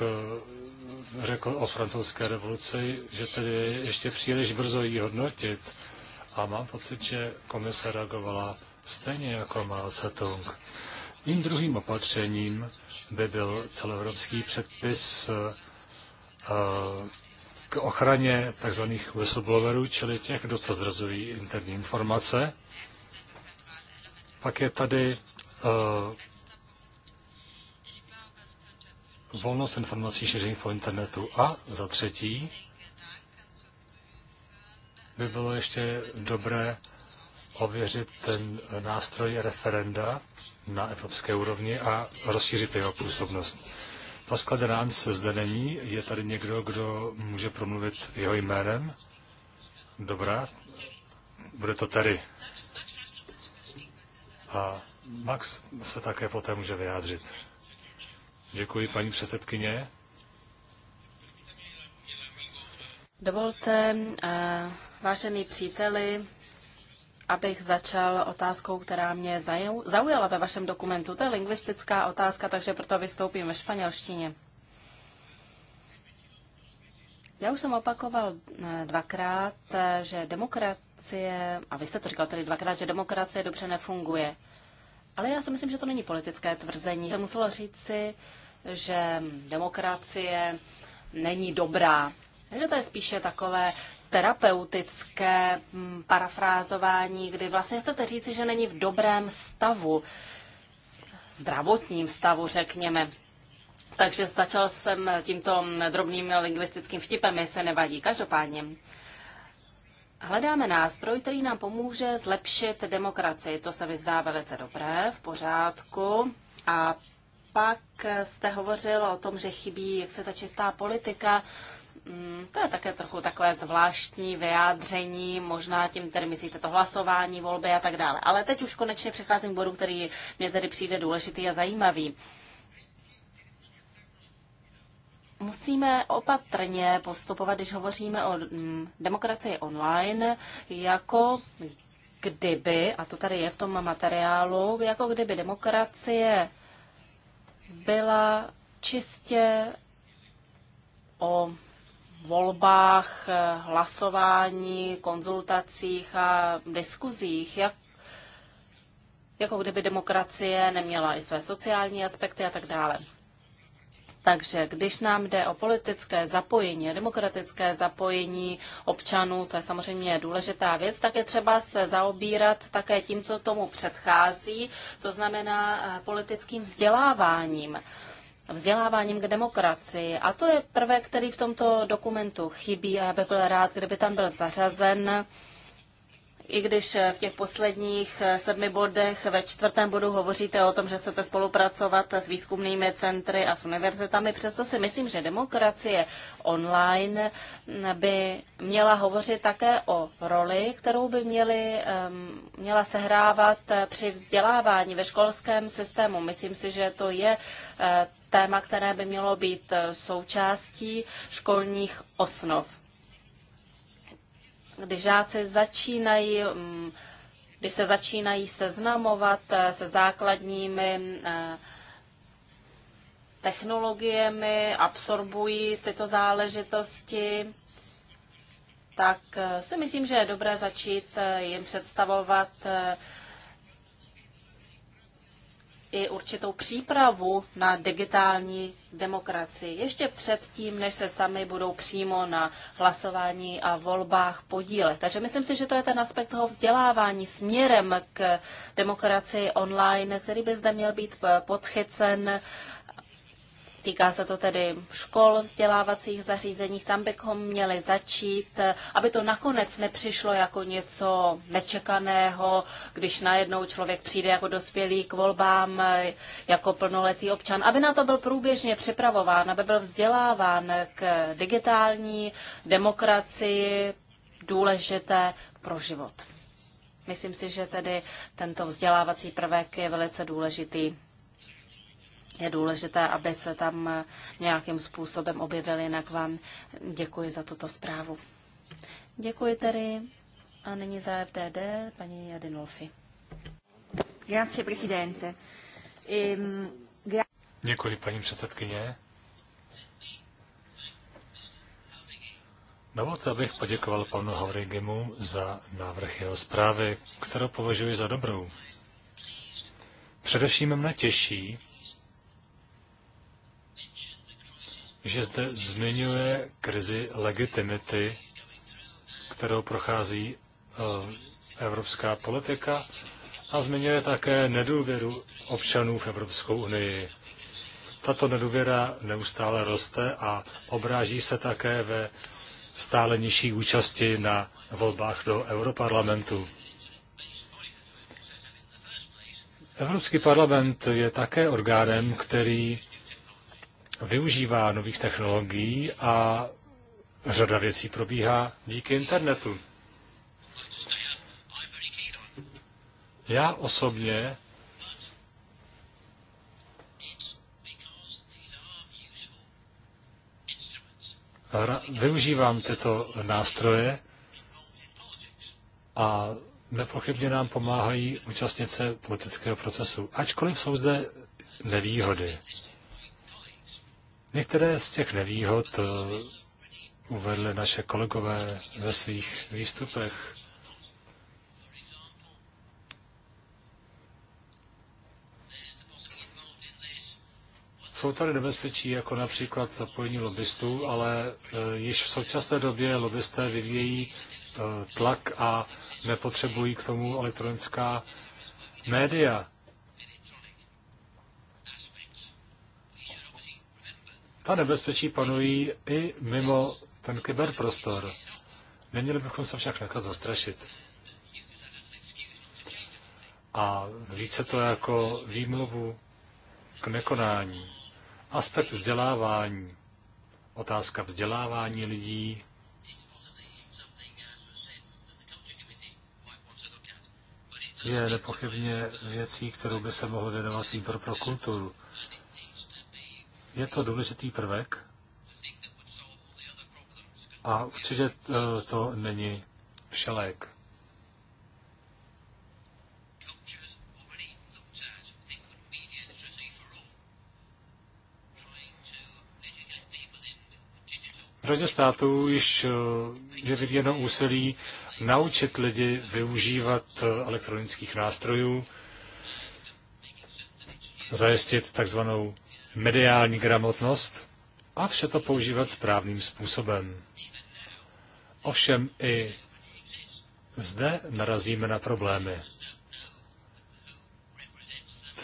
řekl o francouzské revoluci, že tedy ještě příliš brzo ji hodnotit a mám pocit, že komise reagovala stejně jako Mao Zedong. tung Tím druhým opatřením by byl celoevropský předpis eh, k ochraně tzv. whistleblowerů, čili těch, kdo prozrazují interní informace. Pak je tady eh, volnost informací šířených po internetu. A za třetí, by bylo ještě dobré ověřit ten nástroj referenda na evropské úrovni a rozšířit jeho působnost. Pascal Derance zde není. Je tady někdo, kdo může promluvit jeho jménem? Dobrá. Bude to tady. A Max se také poté může vyjádřit. Děkuji, paní předsedkyně. Dovolte, eh, vážený příteli, abych začal otázkou, která mě zaujala ve vašem dokumentu. To je lingvistická otázka, takže proto vystoupím ve španělštině. Já už jsem opakoval eh, dvakrát, eh, že demokracie, a vy jste to říkal tedy dvakrát, že demokracie dobře nefunguje. Ale já si myslím, že to není politické tvrzení. Já musela říci, že demokracie není dobrá. Takže to je spíše takové terapeutické mm, parafrázování, kdy vlastně chcete říci, že není v dobrém stavu, zdravotním stavu, řekněme. Takže začal jsem tímto drobným lingvistickým vtipem, jestli nevadí. Každopádně, Hledáme nástroj, který nám pomůže zlepšit demokracii. To se mi zdá velice dobré, v pořádku. A pak jste hovořil o tom, že chybí, jak se ta čistá politika. Mm, to je také trochu takové zvláštní vyjádření, možná tím tedy myslíte to hlasování, volby a tak dále. Ale teď už konečně přecházím k bodu, který mě tedy přijde důležitý a zajímavý. Musíme opatrně postupovat, když hovoříme o mm, demokracii online, jako kdyby, a to tady je v tom materiálu, jako kdyby demokracie byla čistě o volbách, eh, hlasování, konzultacích a diskuzích, jak, jako kdyby demokracie neměla i své sociální aspekty a tak dále. Takže když nám jde o politické zapojení, demokratické zapojení občanů, to je samozřejmě důležitá věc, tak je třeba se zaobírat také tím, co tomu předchází, to znamená eh, politickým vzděláváním vzděláváním k demokracii. A to je prvek, který v tomto dokumentu chybí a já bych byl rád, kdyby tam byl zařazen i když v těch posledních eh, sedmi bodech ve čtvrtém bodu hovoříte o tom, že chcete spolupracovat s výzkumnými centry a s univerzitami, přesto si myslím, že demokracie online mm, by měla hovořit také o roli, kterou by měly, měla sehrávat eh, při vzdělávání ve školském systému. Myslím si, že to je eh, téma, které by mělo být součástí školních osnov kdy žáci začínají, mm, když se začínají seznamovat eh, se základními eh, technologiemi, absorbují tyto záležitosti, tak eh, si myslím, že je dobré začít jim představovat i určitou přípravu na digitální demokracii. Ještě předtím, než se sami budou přímo na hlasování a volbách podílet. Takže myslím si, že to je ten aspekt toho vzdělávání směrem k demokracii online, který by zde měl být podchycen uh, Týká se to tedy škol, vzdělávacích zařízeních, tam bychom měli začít, aby to nakonec nepřišlo jako něco nečekaného, když najednou člověk přijde jako dospělý k volbám, eh, jako plnoletý občan, aby na to byl průběžně připravován, aby byl vzděláván k digitální demokracii důležité pro život. Myslím si, že tedy tento vzdělávací prvek je velice důležitý je důležité, aby se tam nějakým způsobem objevili, Jinak vám děkuji za tuto zprávu. Děkuji tedy. A nyní za FDD paní Jadinolfi. Grazie, presidente. Ehm, děkuji, paní předsedkyně. Dovolte, abych poděkoval panu Hourigemu za návrh jeho zprávy, kterou považuji za dobrou. Především mne těší, že zde zmiňuje krizi legitimity, kterou prochází eh, evropská politika a zmiňuje také nedůvěru občanů v Evropskou unii. Tato nedůvěra neustále roste a obráží se také ve stále nižší účasti na volbách do Europarlamentu. Evropský parlament je také orgánem, který využívá nových technologií a řada věcí probíhá díky internetu. Já osobně využívám tyto nástroje a nepochybně nám pomáhají účastnit se politického procesu. Ačkoliv jsou zde nevýhody. Některé z těch nevýhod eh, uvedli naše kolegové ve svých výstupech. Jsou tady nebezpečí, jako například zapojení lobbystů, ale eh, již v současné době lobbysté vyvíjejí eh, tlak a nepotřebují k tomu elektronická média. Ta nebezpečí panují i mimo ten kyberprostor. Neměli bychom se však nechat zastrašit. A vzít se to jako výmluvu k nekonání. Aspekt vzdělávání, otázka vzdělávání lidí, je nepochybně věcí, kterou by se mohl věnovat výbor pro kulturu. Je to důležitý prvek a určitě to, eh, to není všelék. V řadě států již eh, je vyvíjeno úsilí naučit lidi využívat eh, elektronických nástrojů, zajistit takzvanou mediální gramotnost a vše to používat správným způsobem. Ovšem i zde narazíme na problémy.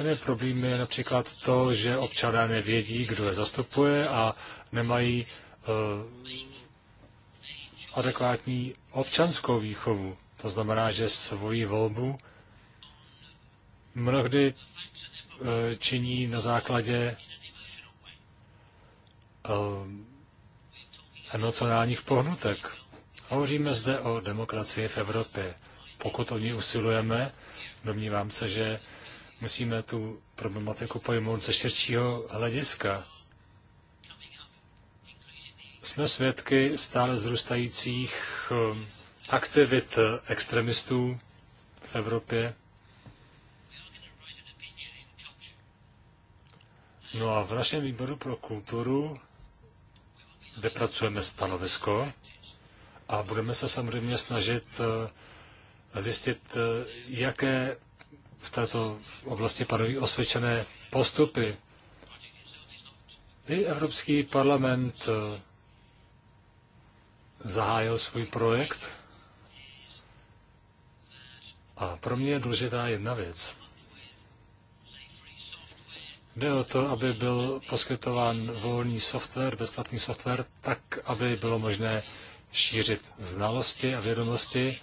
je problémy je například to, že občané nevědí, kdo je zastupuje a nemají uh, adekvátní občanskou výchovu. To znamená, že svoji volbu mnohdy uh, činí na základě Eh, emocionálních pohnutek. Hovoříme zde o demokracii v Evropě. Pokud o ní usilujeme, domnívám se, že musíme tu problematiku pojmout ze širšího hlediska. Jsme svědky stále zrůstajících eh, aktivit extremistů v Evropě. No a v našem výboru pro kulturu vypracujeme stanovisko a budeme se samozřejmě snažit eh, zjistit, eh, jaké v této oblasti panují osvědčené postupy. I Evropský parlament eh, zahájil svůj projekt a pro mě je důležitá jedna věc. Jde o to, aby byl poskytován volný software, bezplatný software, tak, aby bylo možné šířit znalosti a vědomosti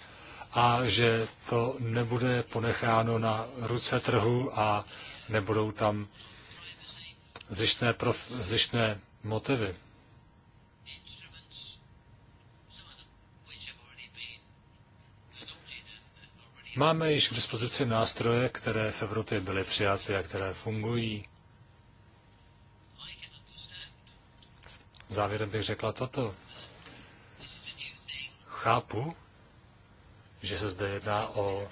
a že to nebude ponecháno na ruce trhu a nebudou tam zjištné, prof, zjištné motivy. Máme již k dispozici nástroje, které v Evropě byly přijaty a které fungují. Závěrem bych řekla toto. Chápu, že se zde jedná o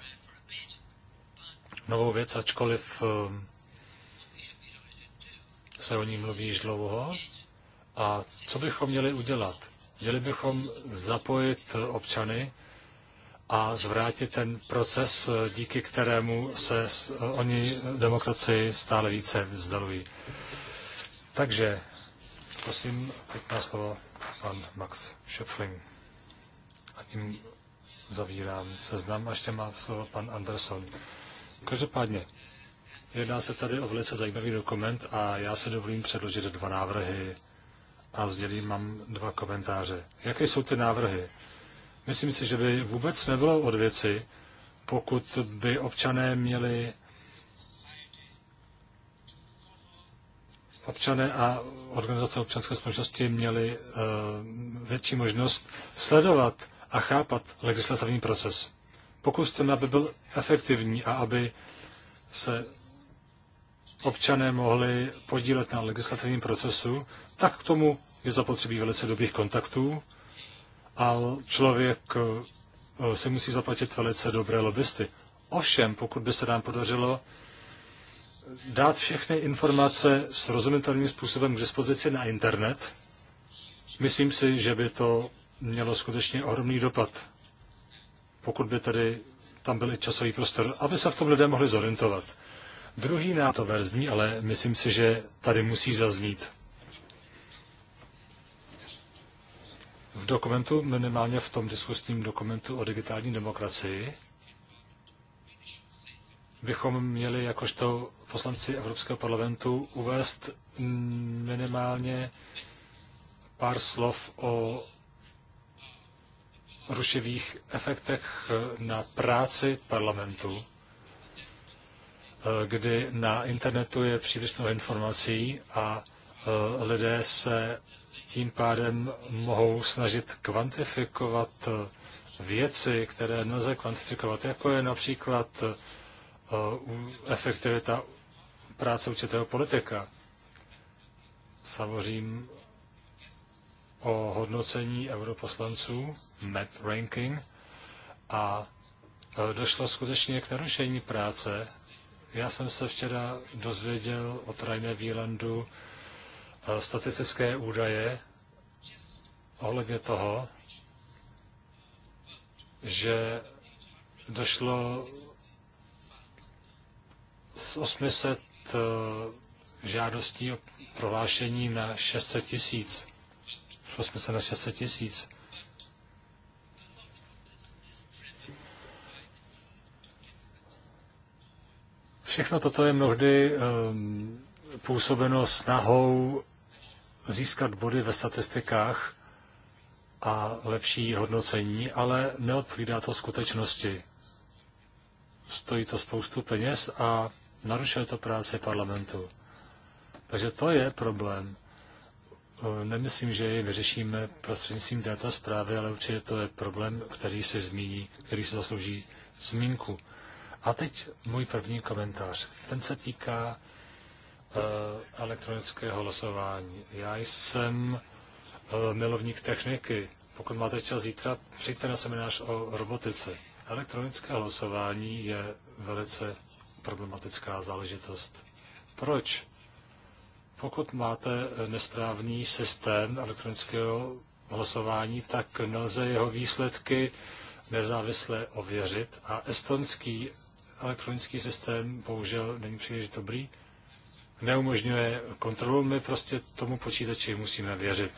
novou věc, ačkoliv ehm, se o ní mluví již dlouho. A co bychom měli udělat? Měli bychom zapojit občany a zvrátit ten proces, eh, díky kterému se eh, oni demokracii stále více vzdalují. Takže Prosím, teď má slovo pan Max Schöpfling. A tím zavírám seznam a ještě má slovo pan Anderson. Každopádně, jedná se tady o velice zajímavý dokument a já se dovolím předložit dva návrhy a sdělím mám dva komentáře. Jaké jsou ty návrhy? Myslím si, že by vůbec nebylo od věci, pokud by občané měli občané a organizace občanské společnosti měli eh, větší možnost sledovat a chápat legislativní proces. Pokud chceme, aby byl efektivní a aby se občané mohli podílet na legislativním procesu, tak k tomu je zapotřebí velice dobrých kontaktů a člověk eh, si musí zaplatit velice dobré lobbysty. Ovšem, pokud by se nám podařilo dát všechny informace srozumitelným způsobem k dispozici na internet, myslím si, že by to mělo skutečně ohromný dopad, pokud by tady tam byl i časový prostor, aby se v tom lidé mohli zorientovat. Druhý na to verzní, ale myslím si, že tady musí zaznít. V dokumentu, minimálně v tom diskusním dokumentu o digitální demokracii, bychom měli jakožto poslanci Evropského parlamentu uvést minimálně pár slov o rušivých efektech eh, na práci parlamentu, eh, kdy na internetu je příliš mnoho informací a eh, lidé se tím pádem mohou snažit kvantifikovat věci, které nelze kvantifikovat, jako je například Eh, efektivita práce určitého politika. Samozřejmě o hodnocení europoslanců, MEP ranking, a eh, došlo skutečně k narušení práce. Já jsem se včera dozvěděl od Rainer Wielandu eh, statistické údaje ohledně toho, že došlo z 800 eh, žádostí o prohlášení na 600 tisíc. Šlo jsme se na 600 tisíc. Všechno toto je mnohdy um, působeno snahou získat body ve statistikách a lepší hodnocení, ale neodpovídá to skutečnosti. Stojí to spoustu peněz a narušuje to práci parlamentu. Takže to je problém. Eh, nemyslím, že ji vyřešíme prostřednictvím této zprávy, ale určitě to je problém, který se zmíní, který se zaslouží zmínku. A teď můj první komentář. Ten se týká uh, elektronického losování. Já jsem uh, milovník techniky. Pokud máte čas zítra, přijďte na seminář o robotice. Elektronické losování je velice problematická záležitost. Proč? Pokud máte nesprávný systém elektronického hlasování, tak nelze jeho výsledky nezávisle ověřit a estonský elektronický systém bohužel není příliš dobrý, neumožňuje kontrolu, my prostě tomu počítači musíme věřit.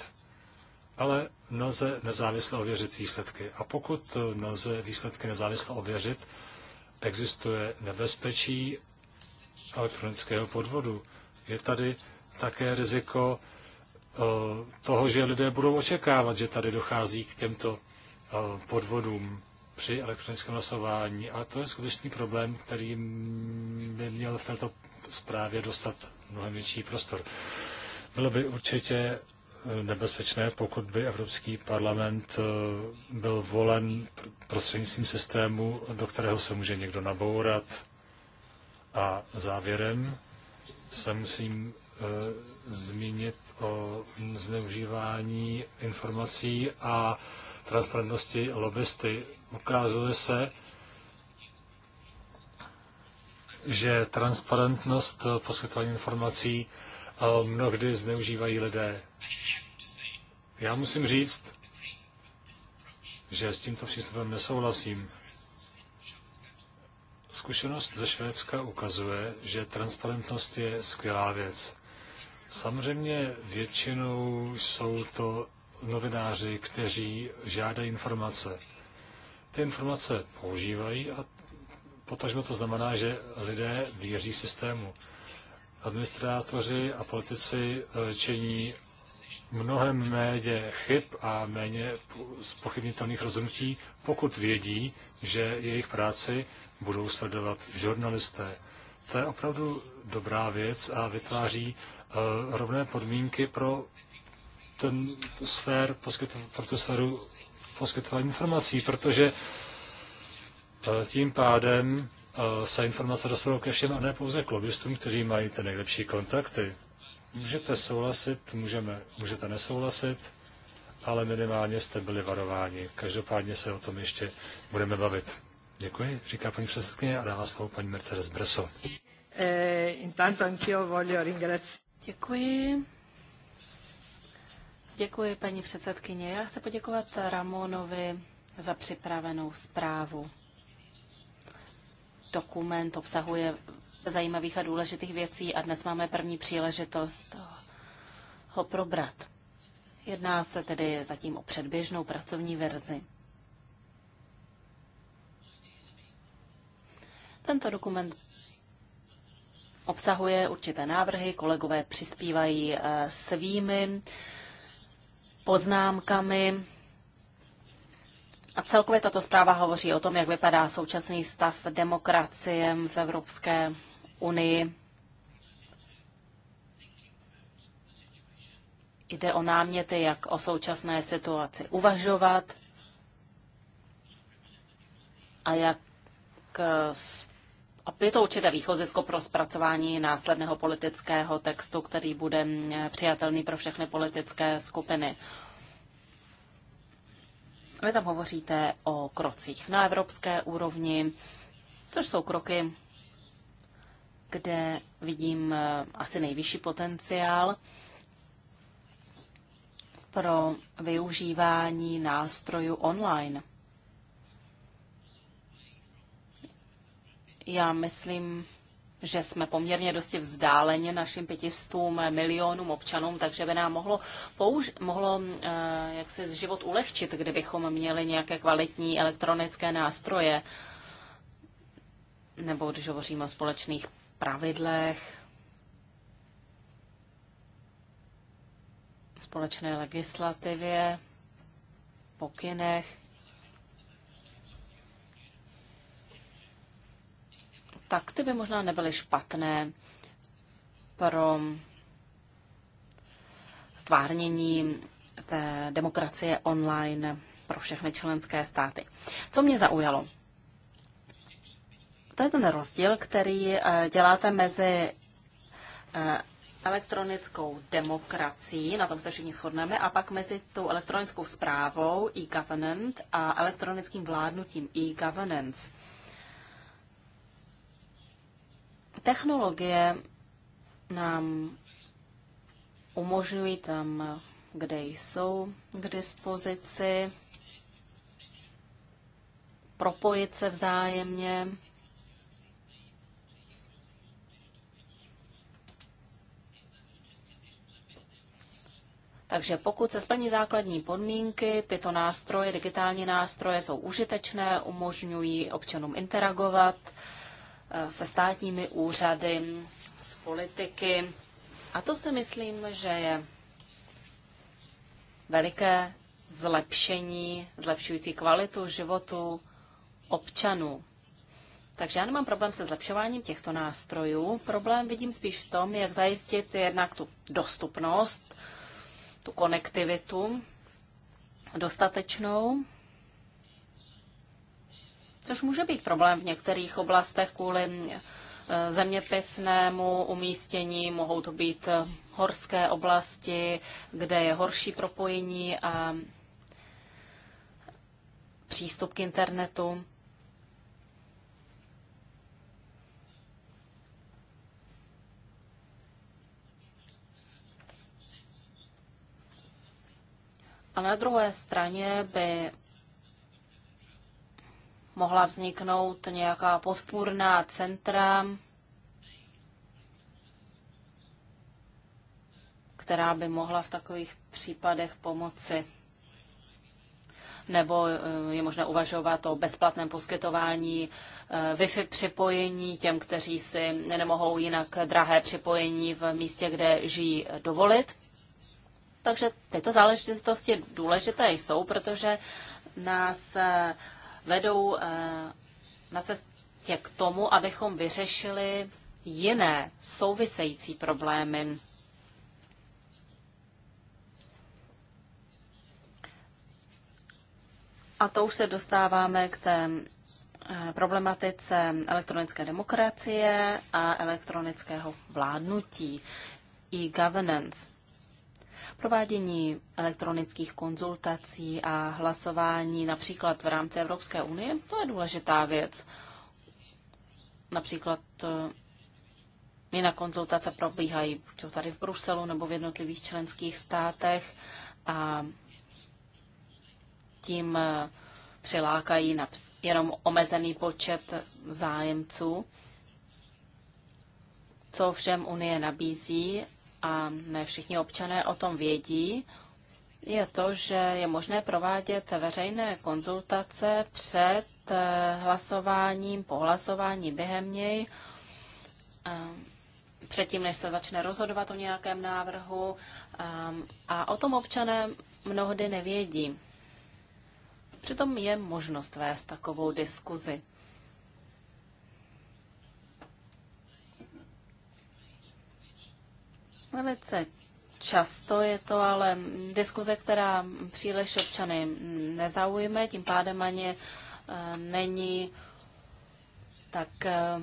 Ale nelze nezávisle ověřit výsledky. A pokud nelze výsledky nezávisle ověřit, existuje nebezpečí elektronického podvodu. Je tady také riziko eh, toho, že lidé budou očekávat, že tady dochází k těmto eh, podvodům při elektronickém hlasování. A to je skutečný problém, který by měl v této zprávě dostat mnohem větší prostor. Bylo by určitě nebezpečné, pokud by Evropský parlament eh, byl volen prostřednictvím systému, do kterého se může někdo nabourat. A závěrem se musím eh, zmínit o zneužívání informací a transparentnosti lobbysty. Ukázuje se, že transparentnost poskytování informací eh, mnohdy zneužívají lidé. Já musím říct, že s tímto přístupem nesouhlasím. Zkušenost ze Švédska ukazuje, že transparentnost je skvělá věc. Samozřejmě většinou jsou to novináři, kteří žádají informace. Ty informace používají a potažmo to znamená, že lidé věří systému. Administrátoři a politici eh, činí mnohem méně chyb a méně spochybnitelných rozhodnutí, pokud vědí, že jejich práci budou sledovat žurnalisté. To je opravdu dobrá věc a vytváří uh, rovné podmínky pro, ten sfér, pro tu sféru poskytování informací, protože uh, tím pádem uh, se informace dostanou ke všem a ne pouze k lobbystům, kteří mají ty nejlepší kontakty. Můžete souhlasit, můžeme, můžete nesouhlasit, ale minimálně jste byli varováni. Každopádně se o tom ještě budeme bavit. Děkuji, říká paní předsedkyně a dává slovo paní Mercedes Breso. Eh, Děkuji. Děkuji, paní předsedkyně. Já chci poděkovat Ramonovi za připravenou zprávu. Dokument obsahuje zajímavých a důležitých věcí a dnes máme první příležitost ho probrat. Jedná se tedy zatím o předběžnou pracovní verzi. Tento dokument obsahuje určité návrhy, kolegové přispívají eh, svými poznámkami. A celkově tato zpráva hovoří o tom, jak vypadá současný stav demokracie v Evropské unii. Jde o náměty, jak o současné situaci uvažovat a jak eh, a je to určité východisko pro zpracování následného politického textu, který bude eh, přijatelný pro všechny politické skupiny. Vy tam hovoříte o krocích na evropské úrovni, což jsou kroky, kde vidím eh, asi nejvyšší potenciál pro využívání nástrojů online. Já myslím, že jsme poměrně dosti vzdáleně našim pětistům milionům občanům, takže by nám mohlo, použ- mohlo eh, jak se život ulehčit, kdybychom měli nějaké kvalitní elektronické nástroje, nebo když hovoříme o společných pravidlech, společné legislativě, pokynech. Tak ty by možná nebyly špatné pro stvárnění té demokracie online pro všechny členské státy. Co mě zaujalo? to je ten rozdíl, který eh, děláte mezi eh, elektronickou demokracií, na tom se všichni shodneme, a pak mezi tou elektronickou zprávou e-government a elektronickým vládnutím e-governance. Technologie nám umožňují tam, kde jsou k dispozici, propojit se vzájemně, Takže pokud se splní základní podmínky, tyto nástroje, digitální nástroje jsou užitečné, umožňují občanům interagovat eh, se státními úřady, s politiky. A to si myslím, že je veliké zlepšení, zlepšující kvalitu životu občanů. Takže já nemám problém se zlepšováním těchto nástrojů. Problém vidím spíš v tom, jak zajistit jednak tu dostupnost, tu konektivitu dostatečnou, což může být problém v některých oblastech kvůli eh, zeměpisnému umístění, mohou to být eh, horské oblasti, kde je horší propojení a přístup k internetu. A na druhé straně by mohla vzniknout nějaká podpůrná centra, která by mohla v takových případech pomoci. Nebo eh, je možné uvažovat o bezplatném poskytování eh, Wi-Fi připojení těm, kteří si nemohou jinak drahé připojení v místě, kde žijí, eh, dovolit. Takže tyto záležitosti důležité jsou, protože nás eh, vedou eh, na cestě k tomu, abychom vyřešili jiné související problémy. A to už se dostáváme k té eh, problematice elektronické demokracie a elektronického vládnutí e governance. Provádění elektronických konzultací a hlasování například v rámci Evropské unie, to je důležitá věc. Například eh, na konzultace probíhají buď tady v Bruselu nebo v jednotlivých členských státech a tím eh, přilákají na jenom omezený počet zájemců. Co všem Unie nabízí a ne všichni občané o tom vědí, je to, že je možné provádět veřejné konzultace před eh, hlasováním, po hlasování, během něj, eh, předtím, než se začne rozhodovat o nějakém návrhu eh, a o tom občané mnohdy nevědí. Přitom je možnost vést takovou diskuzi. Velice často je to ale diskuze, která příliš občany nezaujme, tím pádem ani eh, není tak eh,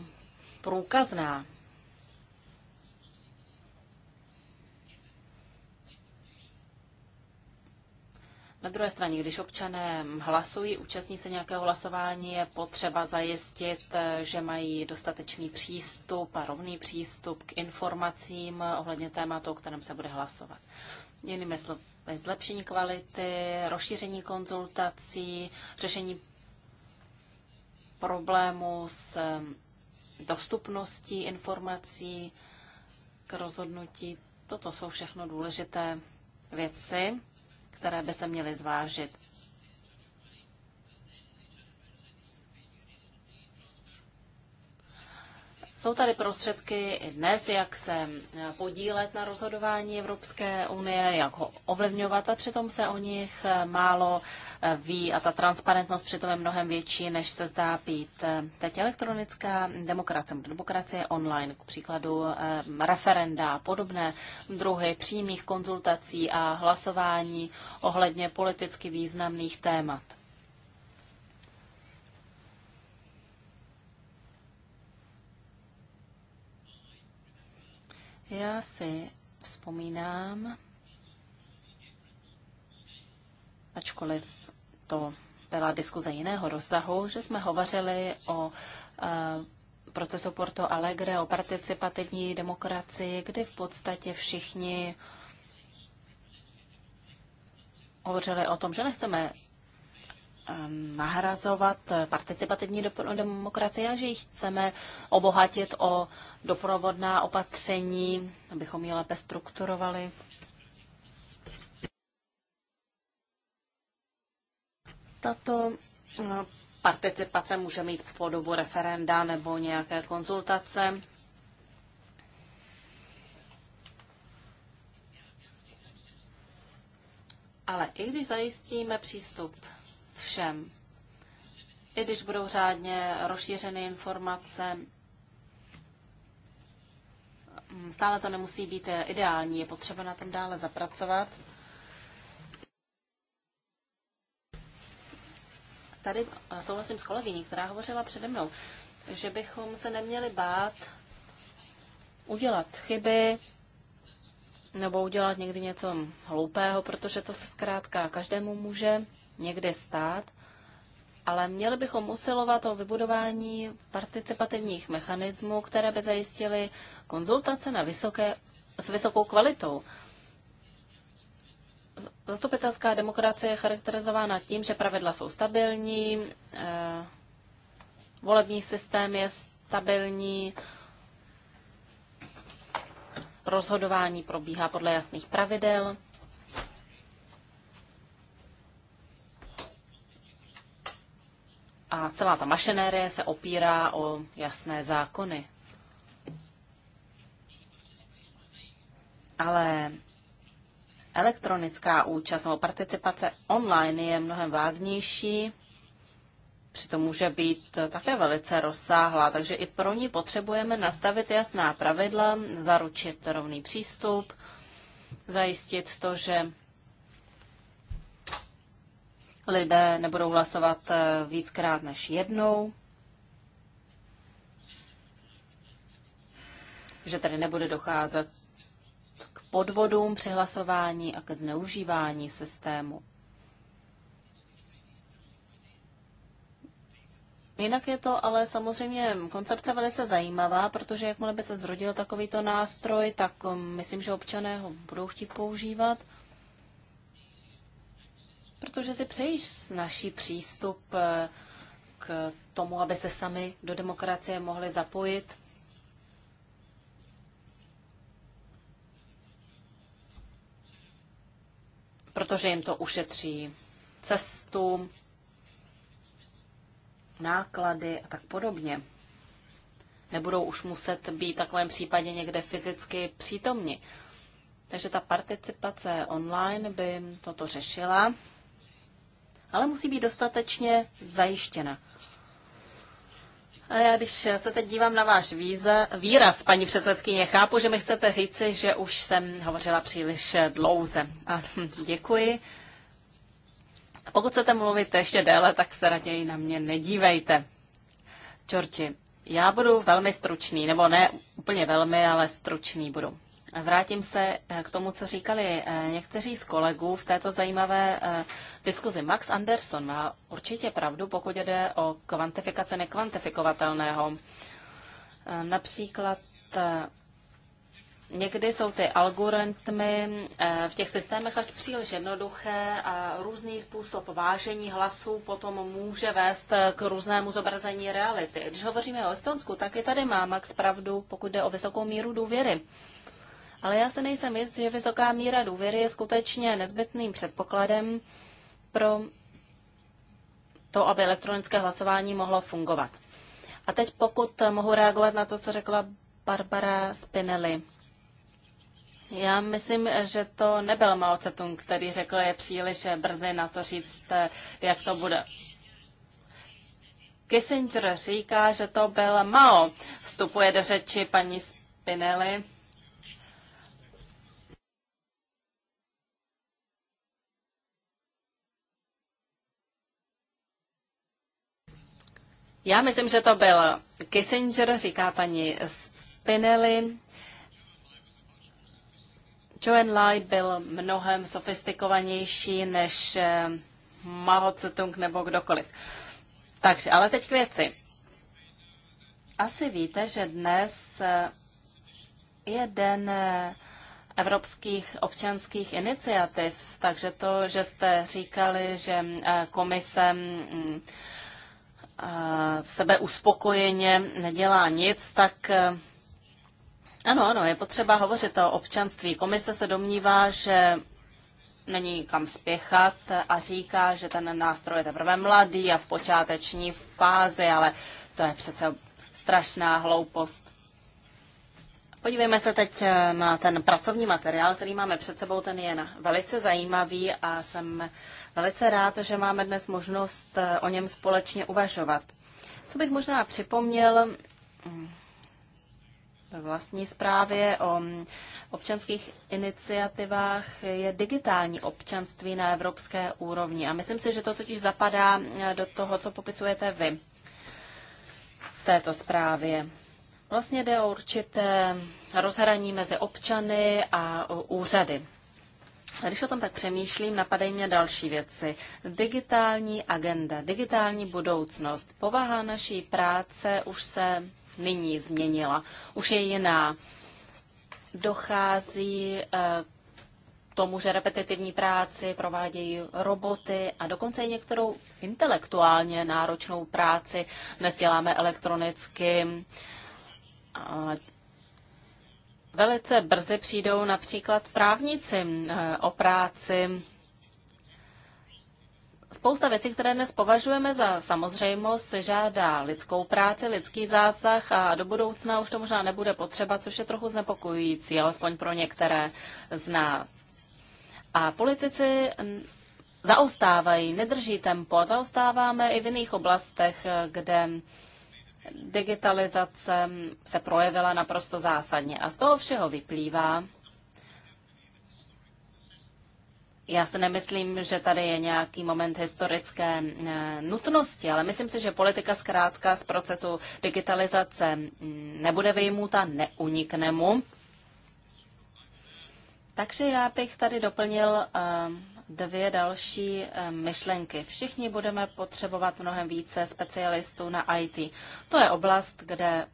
průkazná. Na druhé straně, když občané hlasují, účastní se nějakého hlasování, je potřeba zajistit, eh, že mají dostatečný přístup a rovný přístup k informacím ohledně tématu, o kterém se bude hlasovat. Jinými slovy, zlepšení kvality, rozšíření konzultací, řešení problému s eh, dostupností informací k rozhodnutí. Toto jsou všechno důležité věci které by se měly zvážit. Jsou tady prostředky i dnes, jak se eh, podílet na rozhodování Evropské unie, jak ho ovlivňovat a přitom se o nich eh, málo eh, ví a ta transparentnost přitom je mnohem větší, než se zdá být. Teď elektronická demokracie, demokracie online, k příkladu referenda a podobné druhy přímých konzultací a hlasování ohledně politicky významných témat. Já si vzpomínám, ačkoliv to byla diskuze jiného rozsahu, že jsme hovořili o eh, procesu Porto Alegre, o participativní demokracii, kdy v podstatě všichni hovořili o tom, že nechceme nahrazovat participativní demokracie a že ji chceme obohatit o doprovodná opatření, abychom ji lépe strukturovali. Tato eh, participace může mít podobu referenda nebo nějaké konzultace. Ale i když zajistíme přístup všem. I když budou řádně rozšířeny informace, stále to nemusí být ideální, je potřeba na tom dále zapracovat. Tady souhlasím s kolegyní, která hovořila přede mnou, že bychom se neměli bát udělat chyby nebo udělat někdy něco hloupého, protože to se zkrátka každému může někde stát, ale měli bychom usilovat o vybudování participativních mechanismů, které by zajistily konzultace na vysoké, s vysokou kvalitou. Zastupitelská demokracie je charakterizována tím, že pravidla jsou stabilní, eh, volební systém je stabilní, rozhodování probíhá podle jasných pravidel. a celá ta mašinérie se opírá o jasné zákony. Ale elektronická účast nebo participace online je mnohem vágnější, přitom může být také velice rozsáhlá, takže i pro ní potřebujeme nastavit jasná pravidla, zaručit rovný přístup, zajistit to, že lidé nebudou hlasovat eh, víckrát než jednou, že tady nebude docházet k podvodům při hlasování a ke zneužívání systému. Jinak je to ale samozřejmě koncepce velice zajímavá, protože jakmile by se zrodil takovýto nástroj, tak mm, myslím, že občané ho budou chtít používat protože si přejíš naší přístup eh, k tomu, aby se sami do demokracie mohli zapojit. Protože jim to ušetří cestu, náklady a tak podobně. Nebudou už muset být v takovém případě někde fyzicky přítomni. Takže ta participace online by toto řešila ale musí být dostatečně zajištěna. A já když se teď dívám na váš víze, výraz, paní předsedkyně, chápu, že mi chcete říci, že už jsem hovořila příliš dlouze. A, hm, děkuji. Pokud chcete mluvit ještě déle, tak se raději na mě nedívejte. Čorči, já budu velmi stručný, nebo ne úplně velmi, ale stručný budu. Vrátím se eh, k tomu, co říkali eh, někteří z kolegů v této zajímavé eh, diskuzi. Max Anderson má určitě pravdu, pokud jde o kvantifikace nekvantifikovatelného. Například Někdy jsou ty algoritmy v těch systémech až příliš jednoduché a různý způsob vážení hlasů potom může vést k různému zobrazení reality. Když hovoříme o Estonsku, i tady má Max pravdu, pokud jde o vysokou míru důvěry ale já se nejsem jist, že vysoká míra důvěry je skutečně nezbytným předpokladem pro to, aby elektronické hlasování mohlo fungovat. A teď pokud mohu reagovat na to, co řekla Barbara Spinelli. Já myslím, že to nebyl Mao Tse-tung, který řekl, je příliš brzy na to říct, jak to bude. Kissinger říká, že to byl Mao. Vstupuje do řeči paní Spinelli. Já myslím, že to byl Kissinger, říká paní Spinelli. Joan Light byl mnohem sofistikovanější než eh, Mao Tse-tung nebo kdokoliv. Takže, ale teď k věci. Asi víte, že dnes eh, je den eh, evropských občanských iniciativ, takže to, že jste říkali, že komise mm, sebe uspokojeně nedělá nic, tak eh, ano, ano, je potřeba hovořit o občanství. Komise se domnívá, že není kam spěchat a říká, že ten nástroj je teprve mladý a v počáteční fázi, ale to je přece strašná hloupost. Podívejme se teď eh, na ten pracovní materiál, který máme před sebou, ten je velice zajímavý a jsem velice rád, že máme dnes možnost eh, o něm společně uvažovat. Co bych možná připomněl mm, ve vlastní zprávě o mm, občanských iniciativách je digitální občanství na evropské úrovni. A myslím si, že to totiž zapadá eh, do toho, co popisujete vy v této zprávě. Vlastně jde o určité rozhraní mezi občany a úřady. Když o tom tak přemýšlím, napadají mě další věci. Digitální agenda, digitální budoucnost. Povaha naší práce už se nyní změnila, už je jiná. Dochází k eh, tomu, že repetitivní práci provádějí roboty a dokonce i některou intelektuálně náročnou práci dnes děláme elektronicky eh, Velice brzy přijdou například právníci eh, o práci. Spousta věcí, které dnes považujeme za samozřejmost, se žádá lidskou práci, lidský zásah a do budoucna už to možná nebude potřeba, což je trochu znepokojující, alespoň pro některé z nás. A politici zaostávají, nedrží tempo, zaostáváme i v jiných oblastech, eh, kde digitalizace se projevila naprosto zásadně. A z toho všeho vyplývá, já si nemyslím, že tady je nějaký moment historické eh, nutnosti, ale myslím si, že politika zkrátka z procesu digitalizace mm, nebude vyjmuta, neunikne mu. Takže já bych tady doplnil eh, dvě další eh, myšlenky. Všichni budeme potřebovat mnohem více specialistů na IT. To je oblast, kde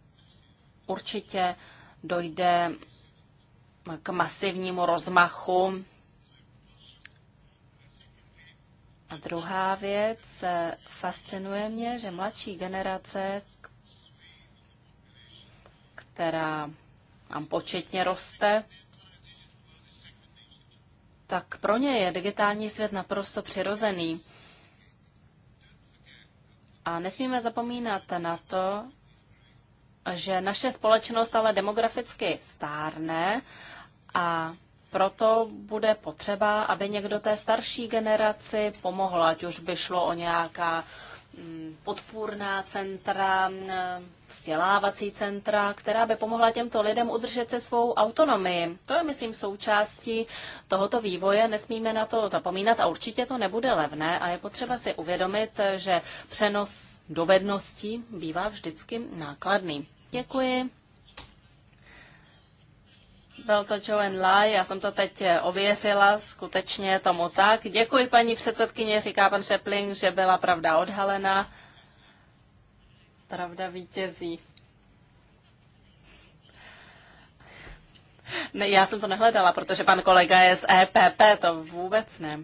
určitě dojde k masivnímu rozmachu. A druhá věc, eh, fascinuje mě, že mladší generace, která nám početně roste, tak pro ně je digitální svět naprosto přirozený. A nesmíme zapomínat na to, že naše společnost ale demograficky stárne a proto bude potřeba, aby někdo té starší generaci pomohl, ať už by šlo o nějaká Mm, podpůrná centra, mm, vzdělávací centra, která by pomohla těmto lidem udržet se svou autonomii. To je, myslím, součástí tohoto vývoje. Nesmíme na to zapomínat a určitě to nebude levné a je potřeba si uvědomit, že přenos dovedností bývá vždycky nákladný. Děkuji. Byl to Joan Lai, já jsem to teď eh, ověřila, skutečně je tomu tak. Děkuji paní předsedkyně, říká pan Šepling, že byla pravda odhalena. Pravda vítězí. Ne, já jsem to nehledala, protože pan kolega je z EPP, to vůbec ne.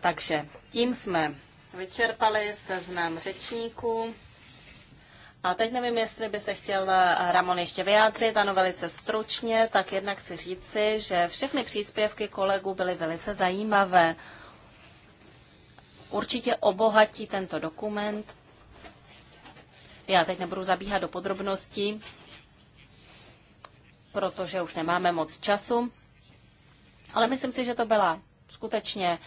Takže tím jsme vyčerpali seznam řečníků. A teď nevím, jestli by se chtěl eh, Ramon ještě vyjádřit, ano, velice stručně, tak jednak chci říci, že všechny příspěvky kolegů byly velice zajímavé. Určitě obohatí tento dokument. Já teď nebudu zabíhat do podrobností, protože už nemáme moc času, ale myslím si, že to byla skutečně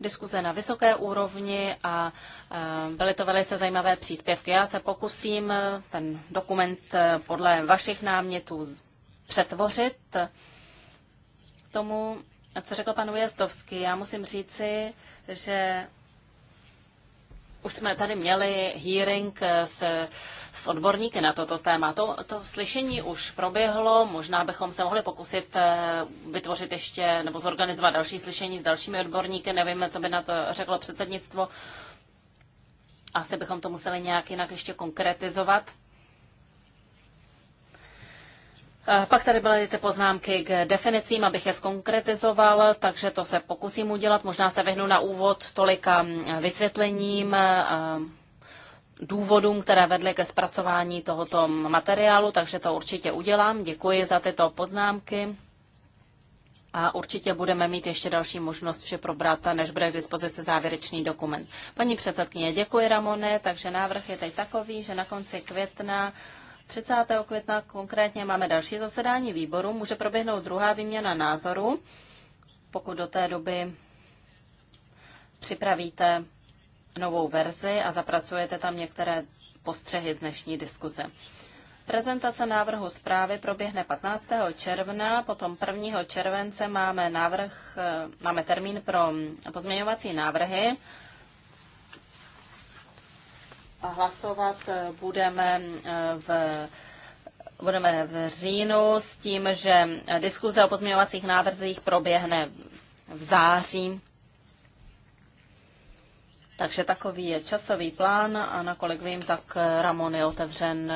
diskuze na vysoké úrovni a eh, byly to velice zajímavé příspěvky. Já se pokusím eh, ten dokument eh, podle vašich námětů přetvořit k tomu, co řekl pan Ujezdovský. Já musím říci, že už jsme tady měli hearing eh, s s odborníky na toto téma. To, to slyšení už proběhlo, možná bychom se mohli pokusit eh, vytvořit ještě nebo zorganizovat další slyšení s dalšími odborníky. Nevíme, co by na to řeklo předsednictvo. Asi bychom to museli nějak jinak ještě konkretizovat. Pak tady byly ty poznámky k definicím, abych je skonkretizoval, takže to se pokusím udělat. Možná se vyhnu na úvod tolika mm, vysvětlením důvodům, které vedly ke zpracování tohoto materiálu, takže to určitě udělám. Děkuji za tyto poznámky. A určitě budeme mít ještě další možnost vše probrat, než bude k dispozici závěrečný dokument. Paní předsedkyně, děkuji Ramone, takže návrh je teď takový, že na konci května 30. května konkrétně máme další zasedání výboru. Může proběhnout druhá výměna názoru, pokud do té doby připravíte novou verzi a zapracujete tam některé postřehy z dnešní diskuze. Prezentace návrhu zprávy proběhne 15. června, potom 1. července máme, návrh, eh, máme termín pro pozměňovací návrhy hlasovat eh, budeme eh, v budeme v říjnu s tím, že diskuze o pozměňovacích návrzích proběhne v září. Takže takový je časový plán a nakolik vím, tak eh, Ramon je otevřen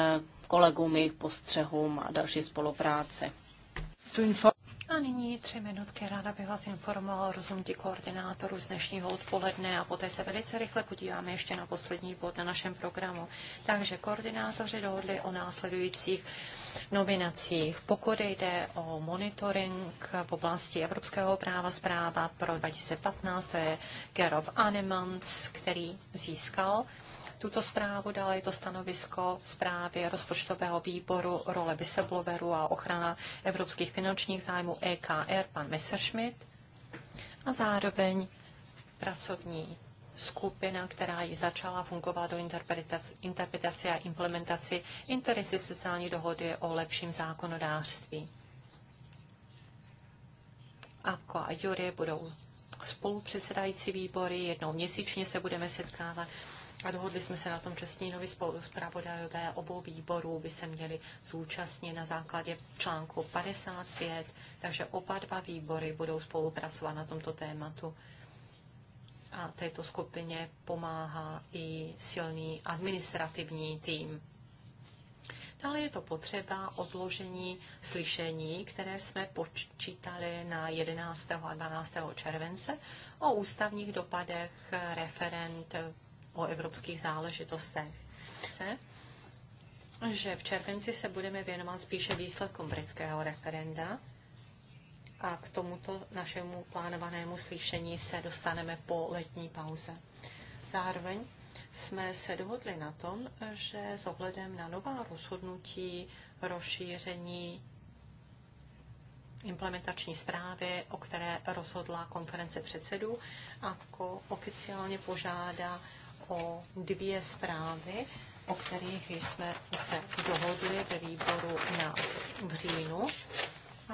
kolegům, jejich postřehům a další spolupráci. A nyní tři minutky. Ráda bych vás informovala o rozhodnutí koordinátorů z dnešního odpoledne a poté se velice rychle podíváme ještě na poslední bod na našem programu. Takže koordinátoři dohodli o následujících nominacích. Pokud jde o monitoring v oblasti evropského práva zpráva pro 2015, to je Gerob Animans, který získal tuto zprávu, dále je to stanovisko zprávy rozpočtového výboru role whistlebloweru a ochrana evropských finančních zájmů EKR, pan Messerschmidt, a zároveň pracovní skupina, která ji začala fungovat do interpretaci, interpretace a implementaci interinstitucionální dohody o lepším zákonodářství. Ako a Jury budou spolupředsedající výbory, jednou měsíčně se budeme setkávat a dohodli jsme se na tom, že stínovi zpravodajové obou výborů by se měli zúčastnit na základě článku 55, takže oba dva výbory budou spolupracovat na tomto tématu. A této skupině pomáhá i silný administrativní tým. Dále je to potřeba odložení slyšení, které jsme počítali na 11. a 12. července o ústavních dopadech referent o evropských záležitostech. Chce, že v červenci se budeme věnovat spíše výsledkům britského referenda a k tomuto našemu plánovanému slyšení se dostaneme po letní pauze. Zároveň jsme se dohodli na tom, že s ohledem na nová rozhodnutí rozšíření implementační zprávy, o které rozhodla konference předsedů, a oficiálně požádá o dvě zprávy, o kterých jsme se dohodli ve výboru na říjnu.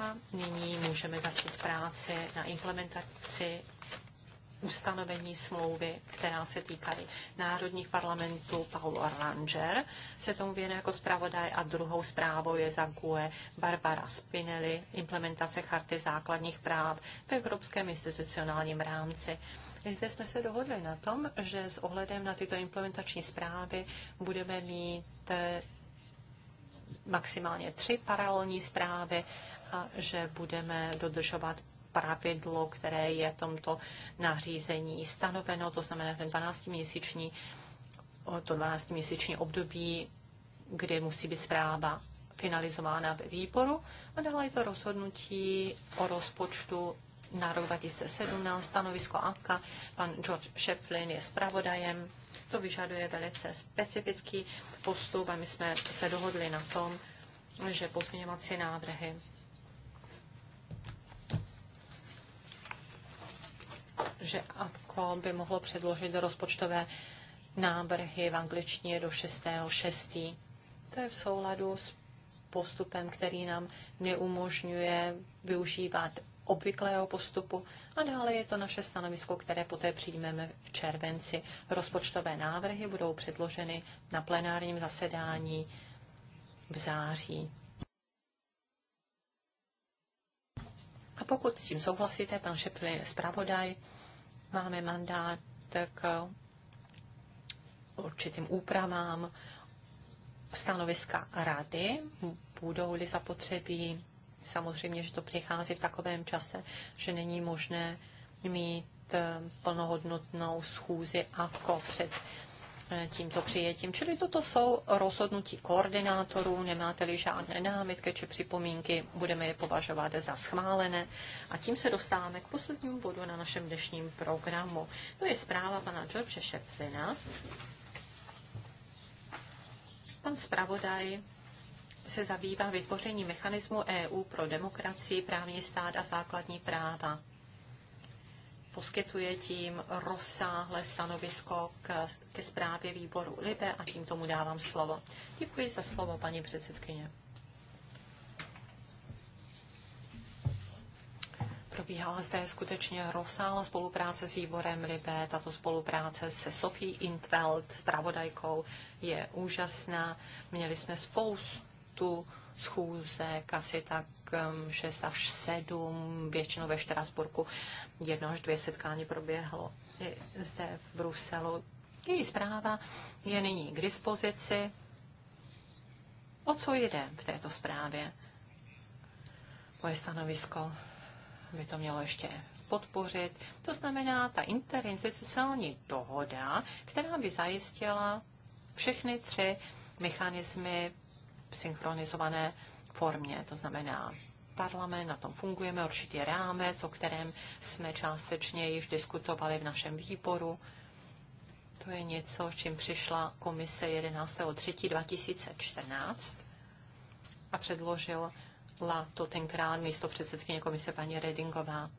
A nyní můžeme začít práci na implementaci ustanovení smlouvy, která se týkaly národních parlamentů. Paul Ranger se tomu věnuje jako zpravodaj a druhou zprávou je za GUE Barbara Spinelli, implementace charty základních práv v Evropském institucionálním rámci. Zde jsme se dohodli na tom, že s ohledem na tyto implementační zprávy budeme mít eh, maximálně tři paralelní zprávy a že budeme dodržovat pravidlo, které je v tomto nařízení stanoveno, to znamená ten 12-měsíční, to 12-měsíční období, kdy musí být zpráva finalizována ve výboru a dále je to rozhodnutí o rozpočtu na rok 2017. Stanovisko APKA, pan George Shefflin je zpravodajem. To vyžaduje velice specifický postup a my jsme se dohodli na tom, že pozměňovací návrhy že APKO by mohlo předložit rozpočtové návrhy v angličtině do 6.6. To je v souladu s postupem, který nám neumožňuje využívat obvyklého postupu. A dále je to naše stanovisko, které poté přijmeme v červenci. Rozpočtové návrhy budou předloženy na plenárním zasedání v září. A pokud s tím souhlasíte, pan Šepl zpravodaj, máme mandát k určitým úpravám stanoviska rady, budou-li zapotřebí Samozřejmě, že to přichází v takovém čase, že není možné mít eh, plnohodnotnou schůzi AFKO před eh, tímto přijetím. Čili toto jsou rozhodnutí koordinátorů, nemáte-li žádné námitky či připomínky, budeme je považovat za schválené. A tím se dostáváme k poslednímu bodu na našem dnešním programu. To je zpráva pana George Šeplina. Pan zpravodaj se zabývá vytvořením mechanismu EU pro demokracii, právní stát a základní práva. Poskytuje tím rozsáhlé stanovisko k, ke zprávě výboru LIBE a tím tomu dávám slovo. Děkuji za slovo, paní předsedkyně. probíhala zde skutečně rozsáhlá spolupráce s výborem Libe. Tato spolupráce se Sophie Intveld, s pravodajkou, je úžasná. Měli jsme spoustu tu schůzek asi tak 6 um, až 7, většinou ve Štrasburku jedno až dvě setkání proběhlo i zde v Bruselu. Její zpráva je nyní k dispozici. O co jde v této zprávě? Moje stanovisko by to mělo ještě podpořit. To znamená ta interinstitucionální dohoda, která by zajistila všechny tři mechanismy synchronizované formě. To znamená, parlament, na tom fungujeme, určitý rámec, o kterém jsme částečně již diskutovali v našem výboru. To je něco, čím přišla komise 11.3.2014 a předložila to tenkrát místo předsedkyně komise paní Redingová.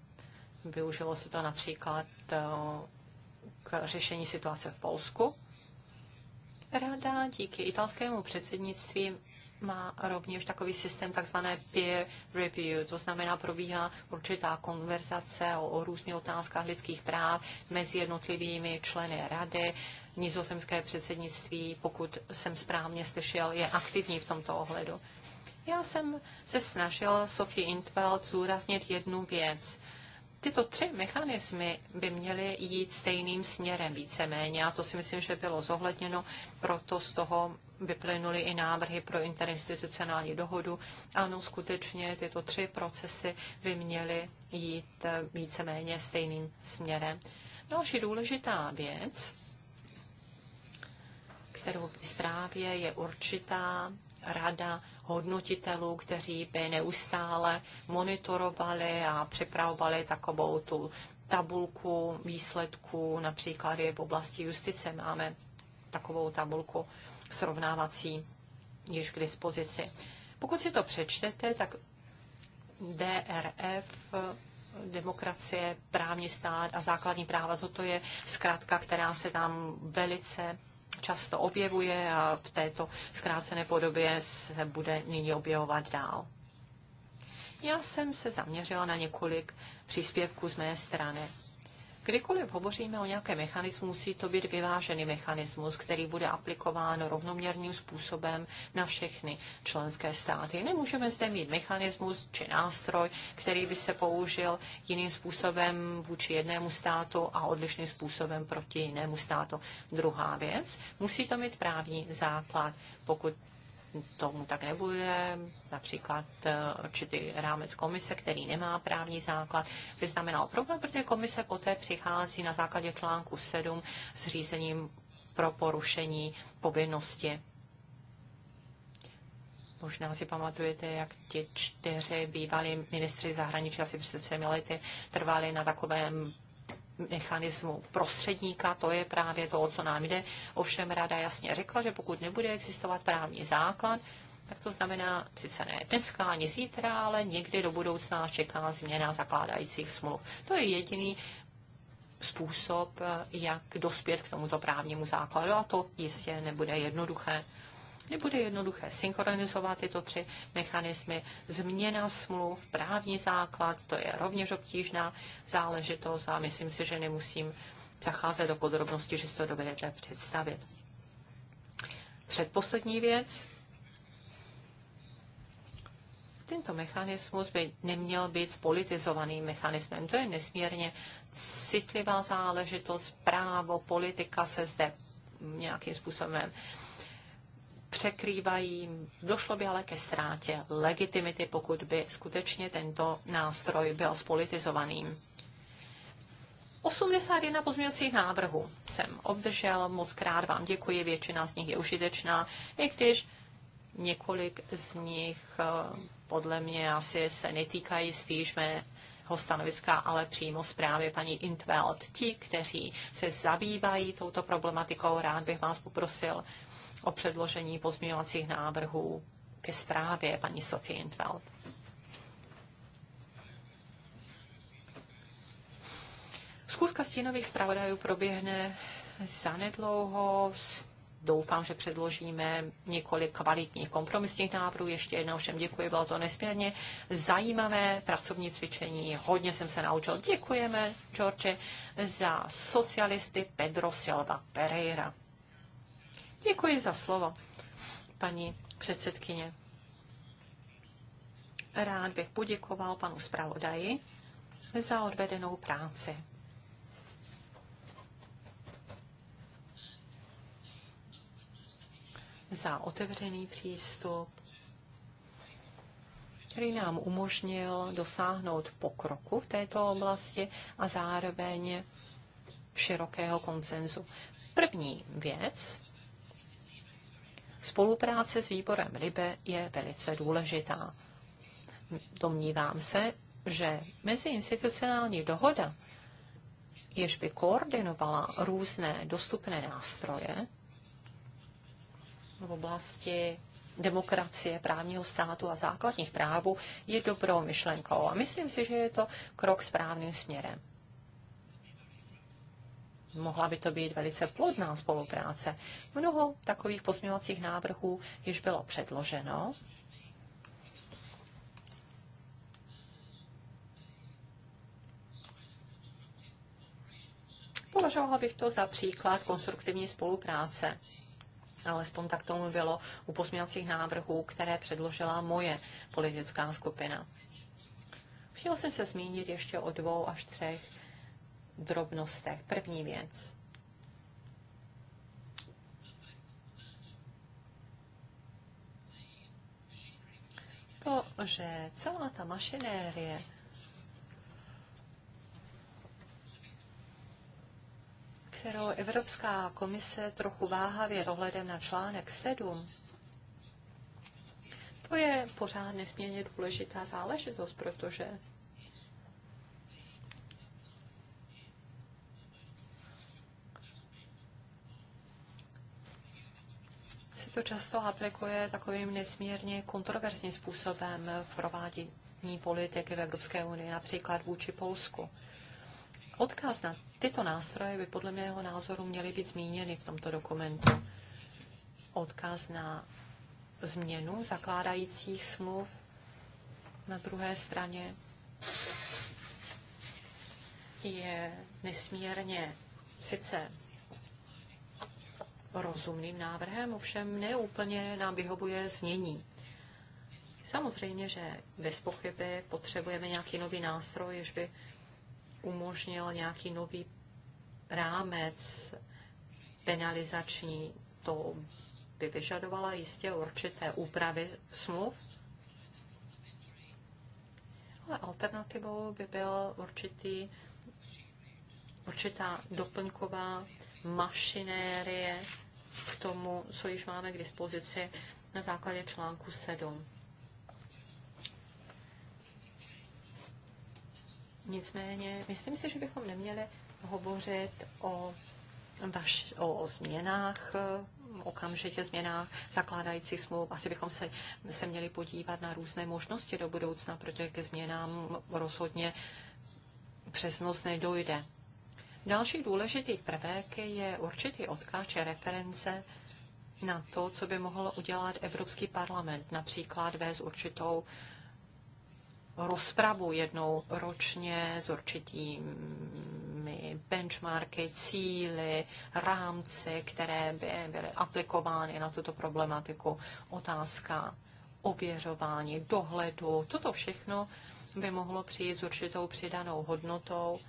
Využilo se to například eh, k řešení situace v Polsku. Rada díky italskému předsednictví má rovněž takový systém takzvané peer review, to znamená probíhá určitá konverzace o, o různých otázkách lidských práv mezi jednotlivými členy rady. Nizozemské předsednictví, pokud jsem správně slyšel, je aktivní v tomto ohledu. Já jsem se snažil Sofie Intveld zúraznit jednu věc tyto tři mechanismy by měly jít stejným směrem víceméně a to si myslím, že bylo zohledněno, proto z toho vyplynuly i návrhy pro interinstitucionální dohodu. Ano, skutečně tyto tři procesy by měly jít eh, víceméně stejným směrem. Další důležitá věc, kterou zprávě je určitá rada hodnotitelů, kteří by neustále monitorovali a připravovali takovou tu tabulku výsledků, například i v oblasti justice máme takovou tabulku srovnávací již k dispozici. Pokud si to přečtete, tak DRF, demokracie, právní stát a základní práva, toto je zkrátka, která se tam velice často objevuje a v této zkrácené podobě se bude nyní objevovat dál. Já jsem se zaměřila na několik příspěvků z mé strany. Kdykoliv hovoříme o nějakém mechanismu, musí to být vyvážený mechanismus, který bude aplikován rovnoměrným způsobem na všechny členské státy. Nemůžeme zde mít mechanismus či nástroj, který by se použil jiným způsobem vůči jednému státu a odlišným způsobem proti jinému státu. Druhá věc, musí to mít právní základ. Pokud tomu tak nebude, například eh, určitý rámec komise, který nemá právní základ, by znamenal problém, protože komise poté přichází na základě článku 7 s řízením pro porušení povinnosti. Možná si pamatujete, jak ti čtyři bývalí ministři zahraničí asi před třemi lety trvali na takovém mechanismu prostředníka, to je právě to, o co nám jde. Ovšem rada jasně řekla, že pokud nebude existovat právní základ, tak to znamená, sice ne dneska ani zítra, ale někdy do budoucna čeká změna zakládajících smluv. To je jediný způsob, jak dospět k tomuto právnímu základu a to jistě nebude jednoduché. Nebude jednoduché synchronizovat tyto tři mechanismy. Změna smluv, právní základ, to je rovněž obtížná záležitost a myslím si, že nemusím zacházet do podrobností, že si to dovedete představit. Předposlední věc. Tento mechanismus by neměl být spolitizovaným mechanismem. To je nesmírně citlivá záležitost. Právo, politika se zde nějakým způsobem překrývají. Došlo by ale ke ztrátě legitimity, pokud by skutečně tento nástroj byl spolitizovaným. 81 pozměňovacích návrhů jsem obdržel, moc krát vám děkuji, většina z nich je užitečná, i když několik z nich eh, podle mě asi se netýkají spíš mého stanoviska, ale přímo zprávy paní Intveld. Ti, kteří se zabývají touto problematikou, rád bych vás poprosil, o předložení pozměňovacích návrhů ke zprávě paní Sofie Intveld. Zkuska stínových zpravodajů proběhne zanedlouho. Doufám, že předložíme několik kvalitních kompromisních návrhů. Ještě jednou všem děkuji, bylo to nesmírně zajímavé pracovní cvičení. Hodně jsem se naučil. Děkujeme, George, za socialisty Pedro Silva Pereira. Děkuji za slovo, paní předsedkyně. Rád bych poděkoval panu zpravodaji za odvedenou práci. Za otevřený přístup, který nám umožnil dosáhnout pokroku v této oblasti a zároveň širokého konsenzu. První věc, Spolupráce s výborem LIBE je velice důležitá. Domnívám se, že meziinstitucionální dohoda, jež by koordinovala různé dostupné nástroje v oblasti demokracie, právního státu a základních právů, je dobrou myšlenkou. A myslím si, že je to krok správným směrem mohla by to být velice plodná spolupráce. Mnoho takových pozměňovacích návrhů již bylo předloženo. Považovala bych to za příklad konstruktivní spolupráce. Alespoň tak tomu bylo u pozměňovacích návrhů, které předložila moje politická skupina. Chtěl jsem se zmínit ještě o dvou až třech drobnostech. První věc. To, že celá ta mašinérie kterou Evropská komise trochu váhavě s ohledem na článek 7, to je pořád nesmírně důležitá záležitost, protože to často aplikuje takovým nesmírně kontroverzním způsobem v provádění politiky v Evropské unii, například vůči Polsku. Odkaz na tyto nástroje by podle mého názoru měly být zmíněny v tomto dokumentu. Odkaz na změnu zakládajících smluv na druhé straně je nesmírně sice rozumným návrhem, ovšem neúplně nám vyhovuje znění. Samozřejmě, že bez pochyby potřebujeme nějaký nový nástroj, jež by umožnil nějaký nový rámec penalizační. To by vyžadovala jistě určité úpravy smluv, ale alternativou by byl určitý, určitá doplňková mašinérie k tomu, co již máme k dispozici na základě článku 7. Nicméně, myslím si, že bychom neměli hovořit o, vaš, o, o změnách, okamžitě změnách zakládajících smluv. Asi bychom se, se měli podívat na různé možnosti do budoucna, protože ke změnám rozhodně přesnost nedojde. Další důležitý prvek je určitý odkaz či reference na to, co by mohl udělat Evropský parlament, například vést určitou rozpravu jednou ročně s určitými benchmarky, cíly, rámce, které by byly aplikovány na tuto problematiku. Otázka ověřování, dohledu, toto všechno by mohlo přijít s určitou přidanou hodnotou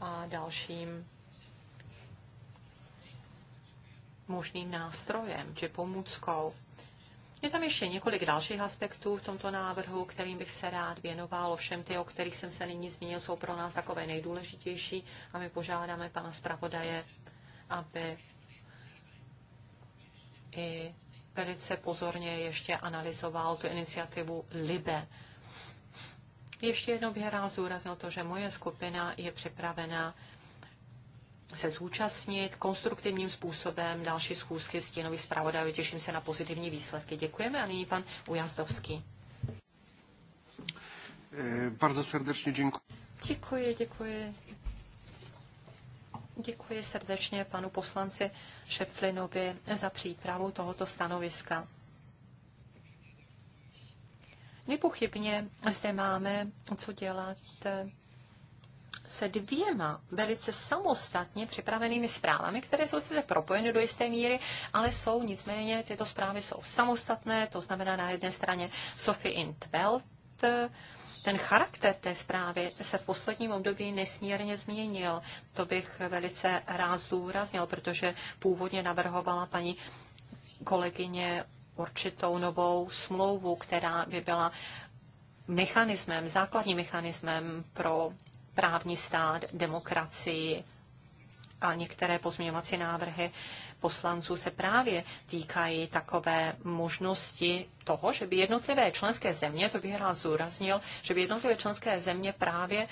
a dalším možným nástrojem či pomůckou. Je tam ještě několik dalších aspektů v tomto návrhu, kterým bych se rád věnoval. Ovšem ty, o kterých jsem se nyní zmínil, jsou pro nás takové nejdůležitější a my požádáme pana zpravodaje, aby i velice pozorně ještě analyzoval tu iniciativu LIBE ještě jednou bych rád zúraznil to, že moje skupina je připravena se zúčastnit konstruktivním způsobem další schůzky stínových zpravodajů. Těším se na pozitivní výsledky. Děkujeme a nyní pan Ujazdovský. Eh, bardzo srdečně děkuji. Děkuji, děkuji. Děkuji srdečně panu poslanci Šeflinovi za přípravu tohoto stanoviska. Nepochybně zde máme co dělat eh, se dvěma velice samostatně připravenými zprávami, které jsou sice propojeny do jisté míry, ale jsou nicméně, tyto zprávy jsou samostatné, to znamená na jedné straně Sophie Intveld, eh, ten charakter té zprávy se v posledním období nesmírně změnil. To bych velice rád zdůraznil, protože původně navrhovala paní kolegyně určitou novou smlouvu, která by byla mechanismem, základním mechanismem pro právní stát, demokracii a některé pozměňovací návrhy poslanců se právě týkají takové možnosti toho, že by jednotlivé členské země, to bych rád zúraznil, že by jednotlivé členské země právě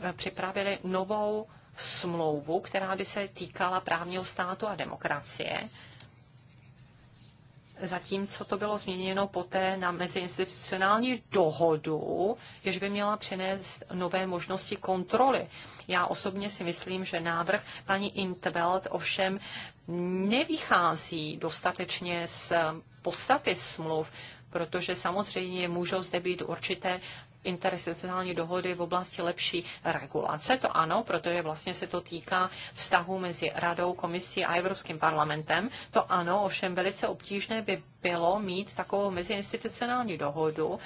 eh, připravili novou smlouvu, která by se týkala právního státu a demokracie zatímco to bylo změněno poté na meziinstitucionální dohodu, jež by měla přinést nové možnosti kontroly. Já osobně si myslím, že návrh paní Intveld ovšem nevychází dostatečně z podstaty smluv, protože samozřejmě můžou zde být určité interinstitucionální dohody v oblasti lepší regulace. To ano, protože vlastně se to týká vztahu mezi Radou, Komisí a Evropským parlamentem. To ano, ovšem velice obtížné by bylo mít takovou meziinstitucionální dohodu,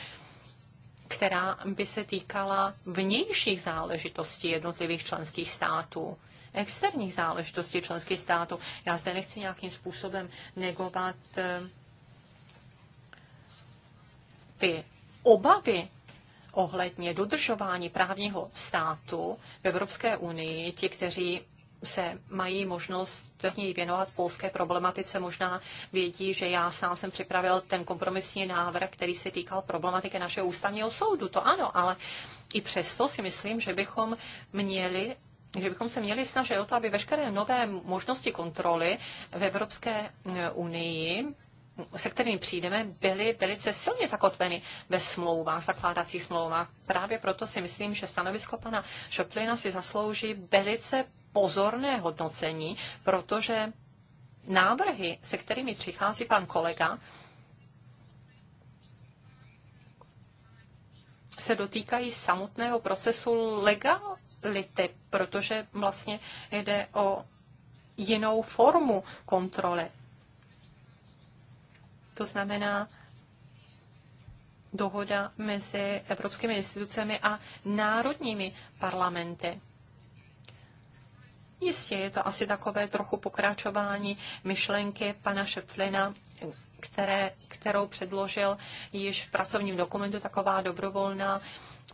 která by se týkala vnějších záležitostí jednotlivých členských států, externích záležitostí členských států. Já zde nechci nějakým způsobem negovat eh, ty obavy ohledně dodržování právního státu v Evropské unii, ti, kteří se mají možnost věnovat polské problematice, možná vědí, že já sám jsem připravil ten kompromisní návrh, který se týkal problematiky našeho ústavního soudu. To ano, ale i přesto si myslím, že bychom měli že bychom se měli snažit o to, aby veškeré nové možnosti kontroly v Evropské unii se kterými přijdeme, byly velice silně zakotveny ve smlouvách, zakládacích smlouvách. Právě proto si myslím, že stanovisko pana Šoplina si zaslouží velice pozorné hodnocení, protože návrhy, se kterými přichází pan kolega, se dotýkají samotného procesu legality, protože vlastně jde o jinou formu kontroly to znamená dohoda mezi evropskými institucemi a národními parlamenty. Jistě je to asi takové trochu pokračování myšlenky pana Šeplina, které, kterou předložil již v pracovním dokumentu taková dobrovolná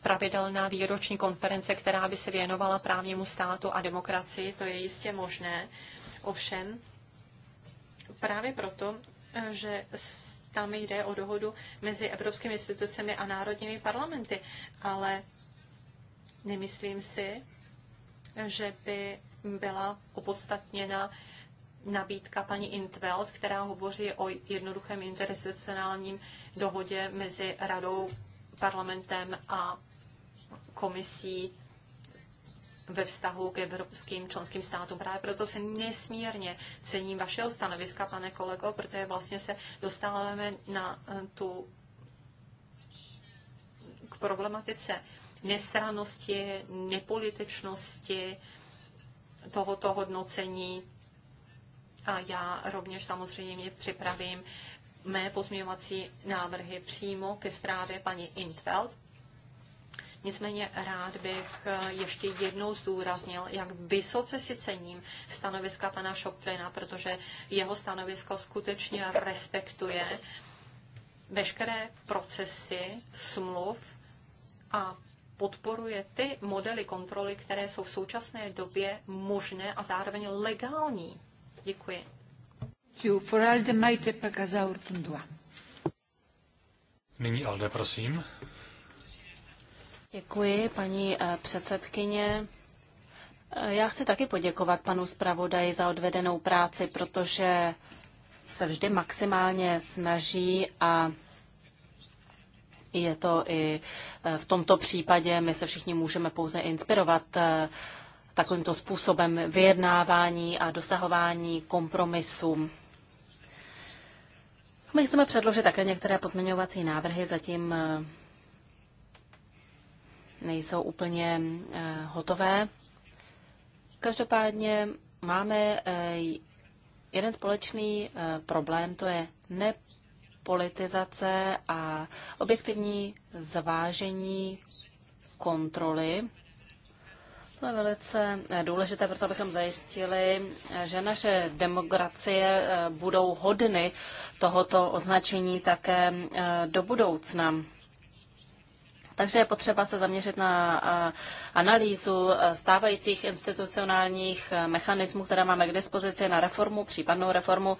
pravidelná výroční konference, která by se věnovala právnímu státu a demokracii. To je jistě možné. Ovšem, právě proto že tam jde o dohodu mezi evropskými institucemi a národními parlamenty, ale nemyslím si, že by byla opodstatněna nabídka paní Intveld, která hovoří o jednoduchém interinstitucionálním dohodě mezi radou, parlamentem a komisí ve vztahu k evropským členským státům. Právě proto se nesmírně cením vašeho stanoviska, pane kolego, protože vlastně se dostáváme na eh, tu k problematice nestranosti, nepolitičnosti tohoto hodnocení. A já rovněž samozřejmě připravím mé pozměňovací návrhy přímo ke zprávě paní Intveld Nicméně rád bych eh, ještě jednou zdůraznil, jak vysoce si cením stanoviska pana Šopflina, protože jeho stanovisko skutečně respektuje veškeré procesy smluv a podporuje ty modely kontroly, které jsou v současné době možné a zároveň legální. Děkuji. Nyní Alde, prosím. Děkuji, paní eh, předsedkyně. Eh, já chci taky poděkovat panu zpravodaji za odvedenou práci, protože se vždy maximálně snaží a je to i eh, v tomto případě, my se všichni můžeme pouze inspirovat takovýmto způsobem vyjednávání a dosahování kompromisů. My chceme předložit také některé pozměňovací návrhy, zatím nejsou úplně eh, hotové. Každopádně máme eh, jeden společný eh, problém, to je nepolitizace a objektivní zvážení kontroly. To je velice důležité, proto abychom zajistili, že naše demokracie budou hodny tohoto označení také do budoucna. Takže je potřeba se zaměřit na analýzu stávajících institucionálních mechanismů, které máme k dispozici na reformu, případnou reformu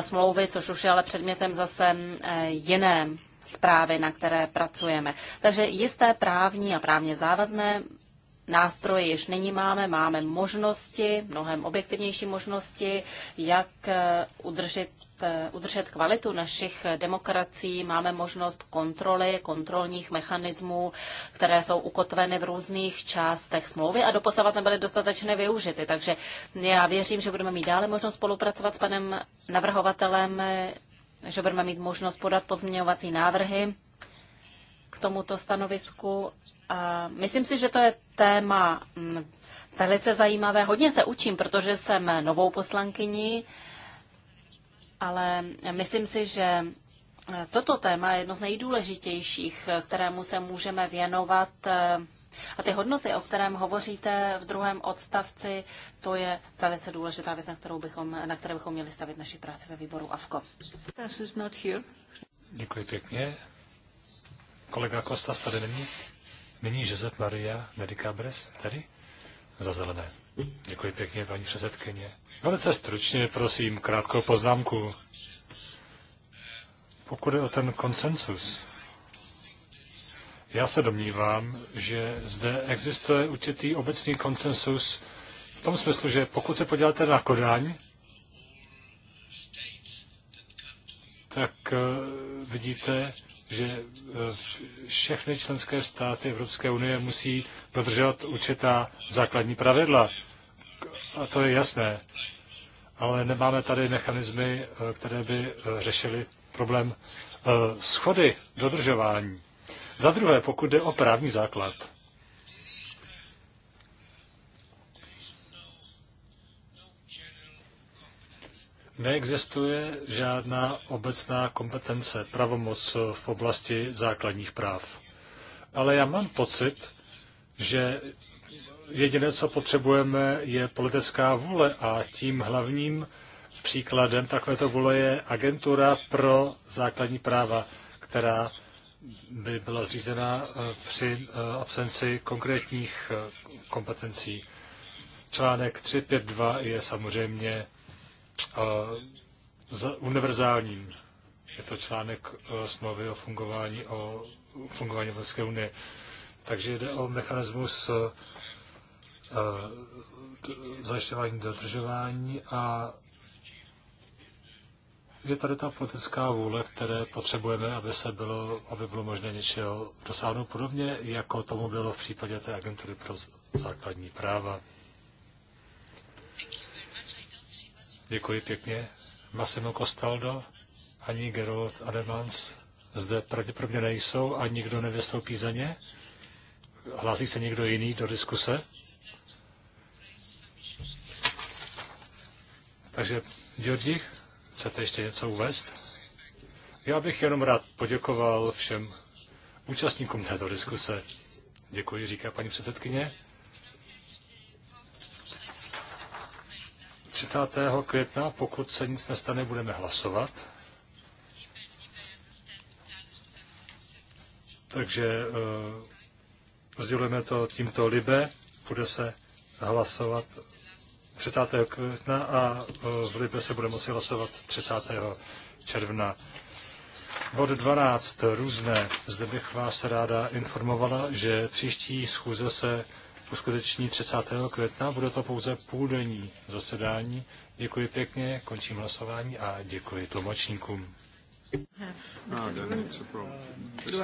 smlouvy, což už je ale předmětem zase e, jiné zprávy, na které pracujeme. Takže jisté právní a právně závazné nástroje již nyní máme, máme možnosti, mnohem objektivnější možnosti, jak e, udržet Eh, udržet kvalitu našich demokracií, máme možnost kontroly, kontrolních mechanismů, které jsou ukotveny v různých částech smlouvy a doposavat nebyly dostatečně využity. Takže já věřím, že budeme mít dále možnost spolupracovat s panem navrhovatelem, že budeme mít možnost podat pozměňovací návrhy k tomuto stanovisku. A myslím si, že to je téma mm, velice zajímavé. Hodně se učím, protože jsem novou poslankyní ale myslím si, že eh, toto téma je jedno z nejdůležitějších, eh, kterému se můžeme věnovat. Eh, a ty hodnoty, o kterém hovoříte v druhém odstavci, to je velice důležitá věc, na, kterou bychom, na které bychom měli stavit naši práci ve výboru Afko. Děkuji pěkně. Kolega Kostas tady není. Nyní Josep Maria Medicabres tady za zelené. Děkuji pěkně, paní předsedkyně. Velice stručně, prosím, krátkou poznámku. Pokud je o ten konsensus, já se domnívám, že zde existuje určitý obecný konsensus v tom smyslu, že pokud se podíváte na Kodáň, tak eh, vidíte, že eh, všechny členské státy Evropské unie musí dodržovat určitá základní pravidla. A to je jasné ale nemáme tady mechanismy, eh, které by eh, řešily problém eh, schody dodržování. Za druhé, pokud jde o právní základ. Neexistuje žádná obecná kompetence, pravomoc v oblasti základních práv. Ale já mám pocit, že jediné, co potřebujeme, je politická vůle a tím hlavním příkladem takovéto vůle je agentura pro základní práva, která by byla zřízena eh, při eh, absenci konkrétních eh, kompetencí. Článek 352 je samozřejmě univerzálním. Je to článek smlouvy o fungování, o fungování Evropské unie. Takže jde o mechanismus Eh, zajišťování dodržování a je tady ta politická vůle, které potřebujeme, aby, se bylo, aby bylo možné něčeho dosáhnout podobně, jako tomu bylo v případě té agentury pro základní práva. Děkuji pěkně. Massimo Costaldo, ani Gerald Ademans zde pravděpodobně nejsou a nikdo nevystoupí za ně. Hlásí se někdo jiný do diskuse? Takže, Jordi, chcete ještě něco uvést? Já bych jenom rád poděkoval všem účastníkům této diskuse. Děkuji, říká paní předsedkyně. 30. května, pokud se nic nestane, budeme hlasovat. Takže uh, eh, sdělujeme to tímto libe. Bude se hlasovat 30. května a e, v Libe se bude moci hlasovat 30. června. Bod 12. Různé. Zde bych vás ráda informovala, že příští schůze se uskuteční 30. května. Bude to pouze půldenní zasedání. Děkuji pěkně, končím hlasování a děkuji tlumočníkům. Ah, no